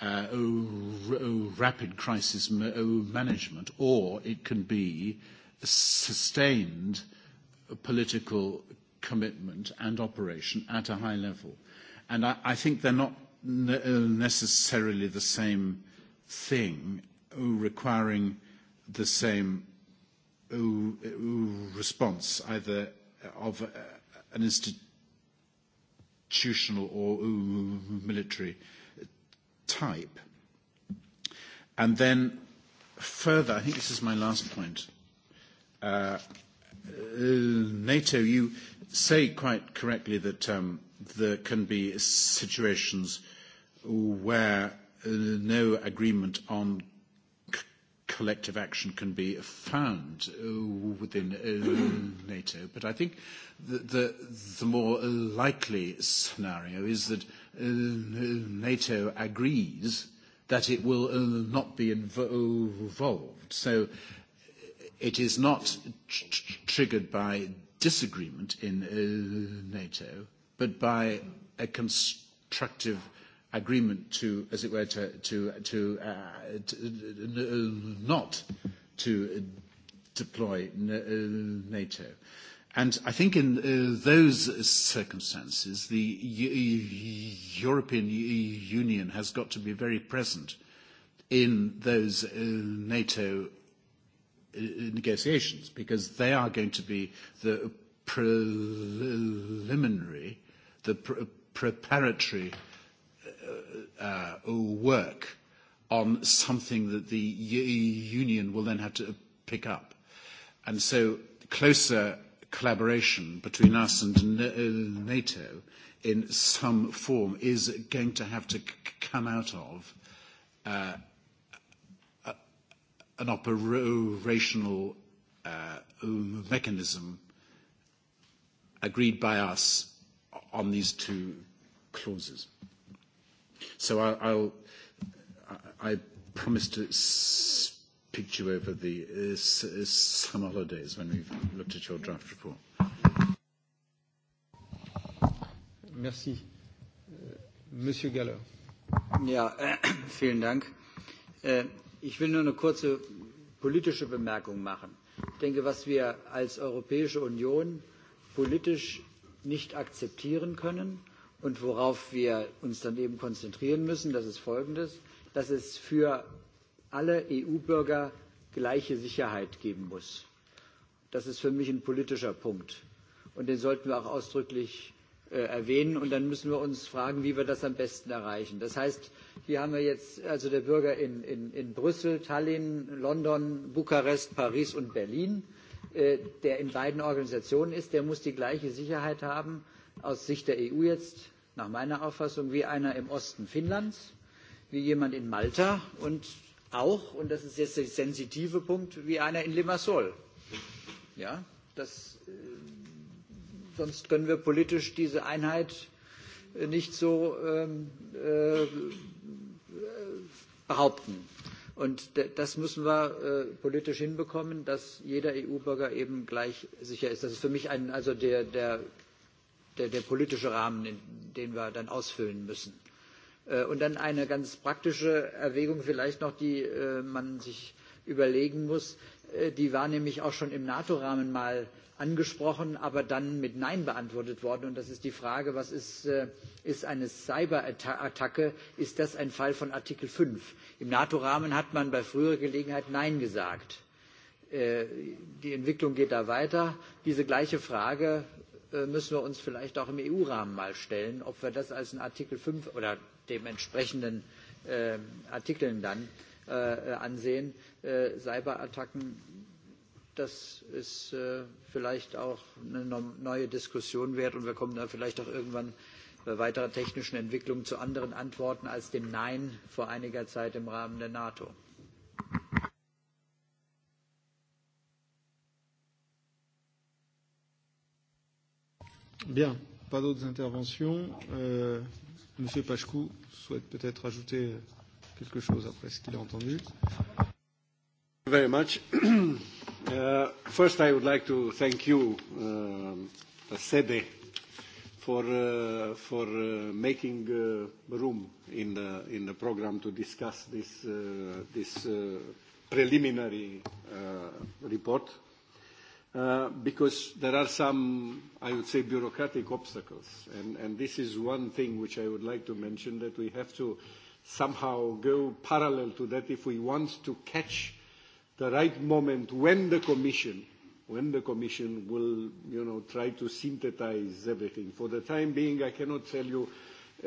uh, rapid crisis management or it can be sustained political commitment and operation at a high level. And I, I think they're not uh, necessarily the same thing, uh, requiring the same response, either of an institution institutional or military type. And then further, I think this is my last point. Uh, uh NATO, you say quite correctly that um, there can be situations where uh, no agreement on collective action can be found uh, within uh, NATO. But I think the, the, the more likely scenario is that uh, NATO agrees that it will not be involved. So it is not tr- tr- triggered by disagreement in NATO, but by a constructive – agreement to, as it were, to, to, to, uh, to uh, not to deploy uh, NATO. And I think in uh, those circumstances, the European Union has got to be very present in those uh, NATO uh, negotiations because they are going to be the preliminary, the pr- preparatory uh, Uh, uh, uh, work on something that the union will then have to pick up. And so closer collaboration between us and uh, NATO in some form is going to have to come out of uh, a, an operational uh, mechanism agreed by us on these two clauses. So I, I'll, I promise to speak to you over the uh, s- uh, summer holidays when we've looked at your draft report. Merci. Uh, Monsieur Galler. Ja, äh, vielen Dank. Äh, ich will nur eine kurze politische Bemerkung machen. Ich denke, was wir als Europäische Union politisch nicht akzeptieren können, und worauf wir uns dann eben konzentrieren müssen, das ist Folgendes, dass es für alle EU-Bürger gleiche Sicherheit geben muss. Das ist für mich ein politischer Punkt. Und den sollten wir auch ausdrücklich äh, erwähnen. Und dann müssen wir uns fragen, wie wir das am besten erreichen. Das heißt, hier haben wir jetzt also der Bürger in, in, in Brüssel, Tallinn, London, Bukarest, Paris und Berlin, äh, der in beiden Organisationen ist, der muss die gleiche Sicherheit haben aus Sicht der EU jetzt nach meiner Auffassung wie einer im Osten Finnlands, wie jemand in Malta und auch, und das ist jetzt der sensitive Punkt, wie einer in Limassol. Ja, das, äh, sonst können wir politisch diese Einheit äh, nicht so ähm, äh, äh behaupten. Und das müssen wir äh, politisch hinbekommen, dass jeder EU-Bürger eben gleich sicher ist. Das ist für mich ein, also der, der der, der politische Rahmen, den wir dann ausfüllen müssen. Äh, und dann eine ganz praktische Erwägung vielleicht noch, die äh, man sich überlegen muss. Äh, die war nämlich auch schon im NATO-Rahmen mal angesprochen, aber dann mit Nein beantwortet worden. Und das ist die Frage, was ist, ist eine Cyberattacke? Ist das ein Fall von Artikel 5? Im NATO-Rahmen hat man bei früherer Gelegenheit Nein gesagt. Die Entwicklung geht da weiter. Diese gleiche Frage Äh, müssen wir uns vielleicht auch im EU-Rahmen mal stellen, ob wir das als einen Artikel 5 oder dem entsprechenden äh, Artikeln dann äh, äh, ansehen. Äh, Cyberattacken, das ist äh, vielleicht auch eine neue Diskussion wert und wir kommen da vielleicht auch irgendwann bei weiterer technischen Entwicklung zu anderen Antworten als dem Nein vor einiger Zeit im Rahmen der NATO. Bien, pas d'autres interventions. Euh, Monsieur Pachkou souhaite peut-être ajouter euh, quelque chose après ce qu'il a entendu. Very much. uh, first, I would like to thank you, uh, Sede, for uh, for uh, making uh, room in the in the program to discuss this uh, this uh, preliminary uh, report uh, because there are some, I would say, bureaucratic obstacles. And, and this is one thing which I would like to mention that we have to somehow go parallel to that if we want to catch the right moment when the Commission when the Commission will, you know, try to synthesize everything. For the time being, I cannot tell you,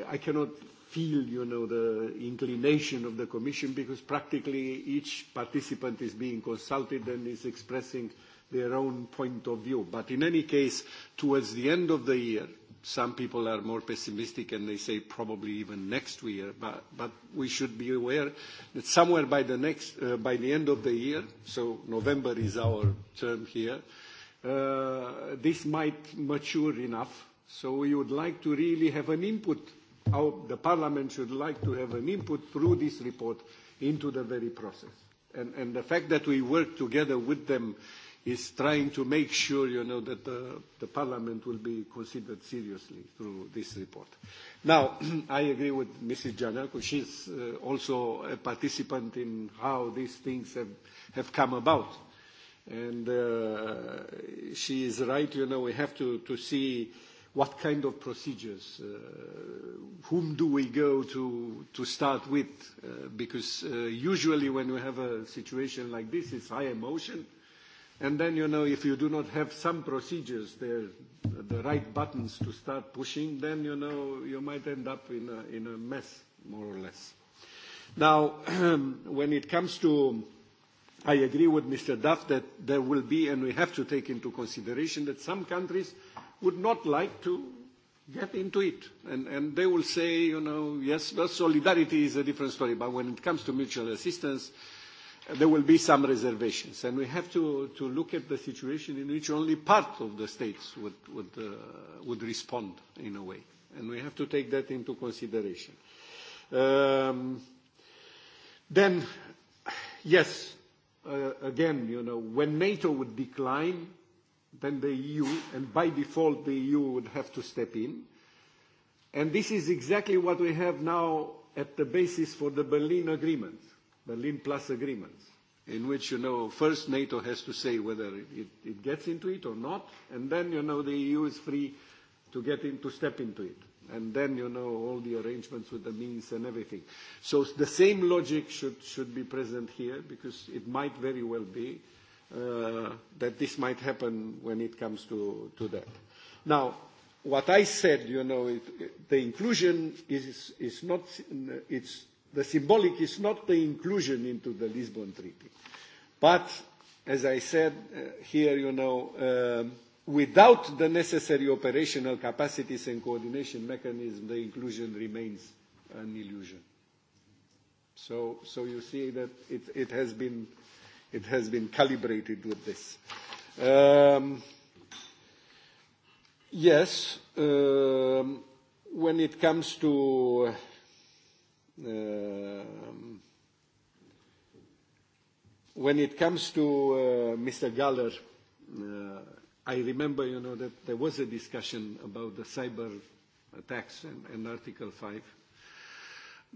I cannot feel, you know, the inclination of the Commission because practically each participant is being consulted and is expressing uh, their own point of view. But in any case, towards the end of the year, some people are more pessimistic and they say probably even next year. But, but we should be aware that somewhere by the, next, uh, by the end of the year, so November is our term here, uh, this might mature enough. So we would like to really have an input. Our, the Parliament should like to have an input through this report into the very process. And, and the fact that we work together with them uh, is trying to make sure, you know, that the, the Parliament will be considered seriously through this report. Now, I agree with Mrs. Giannakou. She's uh, also a participant in how these things have, have come about. And uh, she is right, you know, we have to, to see what kind of procedures, uh, whom do we go to, to start with? Uh, because uh, usually when we have a situation like this, it's high emotion. Uh, And then, you know, if you do not have some procedures there, the right buttons to start pushing, then, you know, you might end up in a, in a mess, more or less. Now, when it comes to, I agree with Mr. Duff that there will be, and we have to take into consideration that some countries would not like to get into it. And, and they will say, you know, yes, well, solidarity is a different story, but when it comes to mutual assistance, uh, there will be some reservations. And we have to, to look at the situation in which only part of the states would, would, uh, would respond in a way. And we have to take that into consideration. Um, then, yes, uh, again, you know, when NATO would decline, then the EU, and by default the EU would have to step in. And this is exactly what we have now at the basis for the Berlin Agreement Berlin Plus agreements, in which, you know, first NATO has to say whether it, it gets into it or not, and then, you know, the EU is free to get in, to step into it. And then, you know, all the arrangements with the means and everything. So the same logic should, should be present here, because it might very well be uh, that this might happen when it comes to, to that. Now, what I said, you know, it, it, the inclusion is, is not, it's The symbolic is not the inclusion into the Lisbon Treaty. But, as I said uh, here, you know, um, without the necessary operational capacities and coordination mechanism, the inclusion remains an illusion. So, so you see that it, it, has been, it has been calibrated with this. Um, yes, um, when it comes to uh, Um, when it comes to uh, Mr. Galler, uh, I remember, you know, that there was a discussion about the cyber attacks and, and Article 5.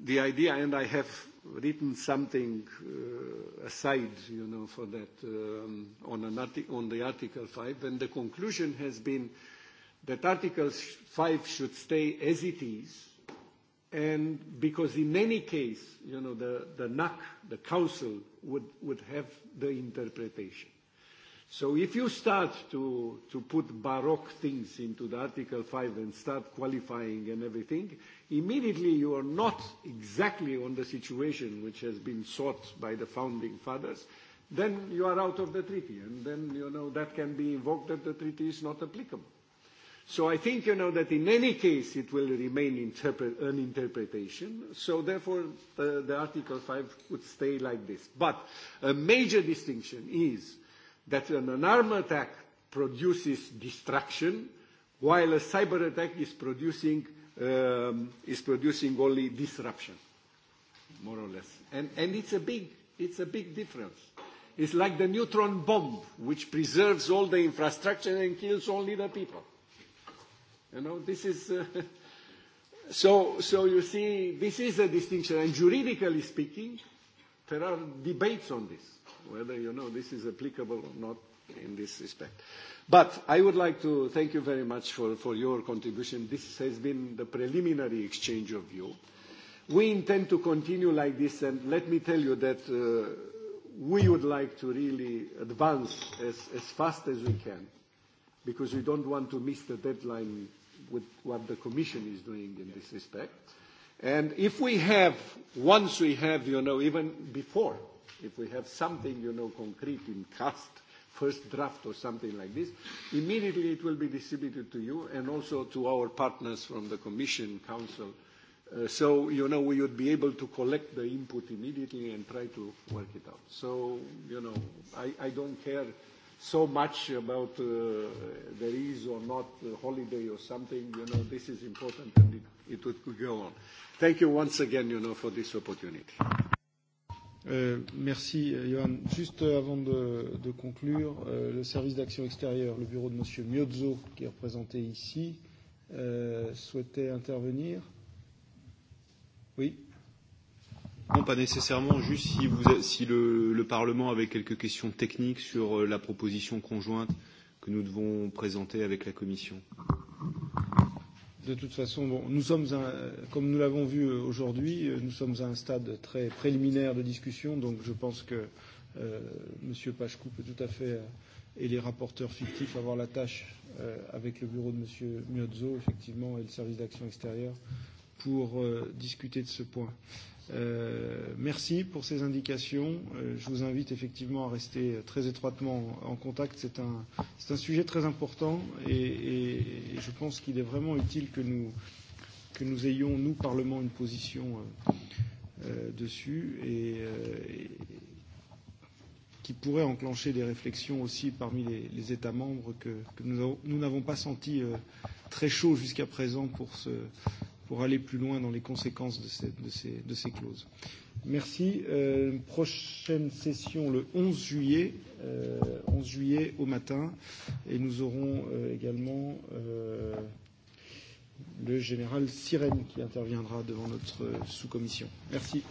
The idea, and I have written something uh, aside, you know, for that um, on, an arti- on the Article 5, and the conclusion has been that Article 5 should stay as it is and because in any case, you know, the, the NAC, the council, would, would have the interpretation. So if you start to, to put baroque things into the Article 5 and start qualifying and everything, immediately you are not exactly on the situation which has been sought by the founding fathers, then you are out of the treaty, and then, you know, that can be invoked that the treaty is not applicable. So I think, you know, that in any case it will remain interpret, an interpretation. So therefore, uh, the Article 5 would stay like this. But a major distinction is that an, an arm attack produces destruction, while a cyber attack is producing, um, is producing only disruption, more or less. And, and it's, a big, it's a big difference. It's like the neutron bomb, which preserves all the infrastructure and kills only the people. You know, this is. Uh, so, so you see, this is a distinction. And juridically speaking, there are debates on this, whether, you know, this is applicable or not in this respect. But I would like to thank you very much for, for your contribution. This has been the preliminary exchange of view. We intend to continue like this, and let me tell you that uh, we would like to really advance as, as fast as we can, because we don't want to miss the deadline with what the Commission is doing in this respect. And if we have, once we have, you know, even before, if we have something, you know, concrete in cast, first draft or something like this, immediately it will be distributed to you and also to our partners from the Commission, Council. Uh, so, you know, we would be able to collect the input immediately and try to work it out. So, you know, I, I don't care so much about uh, there is or not a holiday or something. You know, this is important, and it, it would go on. Thank you once again, you know, for this opportunity. Euh, merci, Johan. Juste avant de, de conclure, euh, le service d'action extérieure, le bureau de Monsieur Miozzo, qui est représenté ici, euh, souhaitait intervenir. Oui. Non, pas nécessairement. Juste si, vous, si le, le Parlement avait quelques questions techniques sur euh, la proposition conjointe que nous devons présenter avec la Commission. De toute façon, bon, nous sommes un, comme nous l'avons vu euh, aujourd'hui, euh, nous sommes à un stade très préliminaire de discussion, donc je pense que euh, M. Pachkou peut tout à fait, euh, et les rapporteurs fictifs, avoir la tâche euh, avec le bureau de M. Miozzo, effectivement, et le service d'action extérieure, pour euh, discuter de ce point. Euh, Euh, merci pour ces indications. Euh, je vous invite effectivement à rester très étroitement en contact. C'est un, c'est un sujet très important et, et, et je pense qu'il est vraiment utile que nous, que nous ayons, nous, Parlement, une position euh, euh, dessus et, euh, et qui pourrait enclencher des réflexions aussi parmi les, les États membres que, que nous n'avons pas senti euh, très chaud jusqu'à présent pour ce, pour aller plus loin dans les conséquences de ces, de ces, de ces clauses. Merci. Euh, prochaine session le 11 juillet, euh, 11 juillet au matin, et nous aurons euh, également euh, le général Sirène qui interviendra devant notre euh, sous-commission. Merci.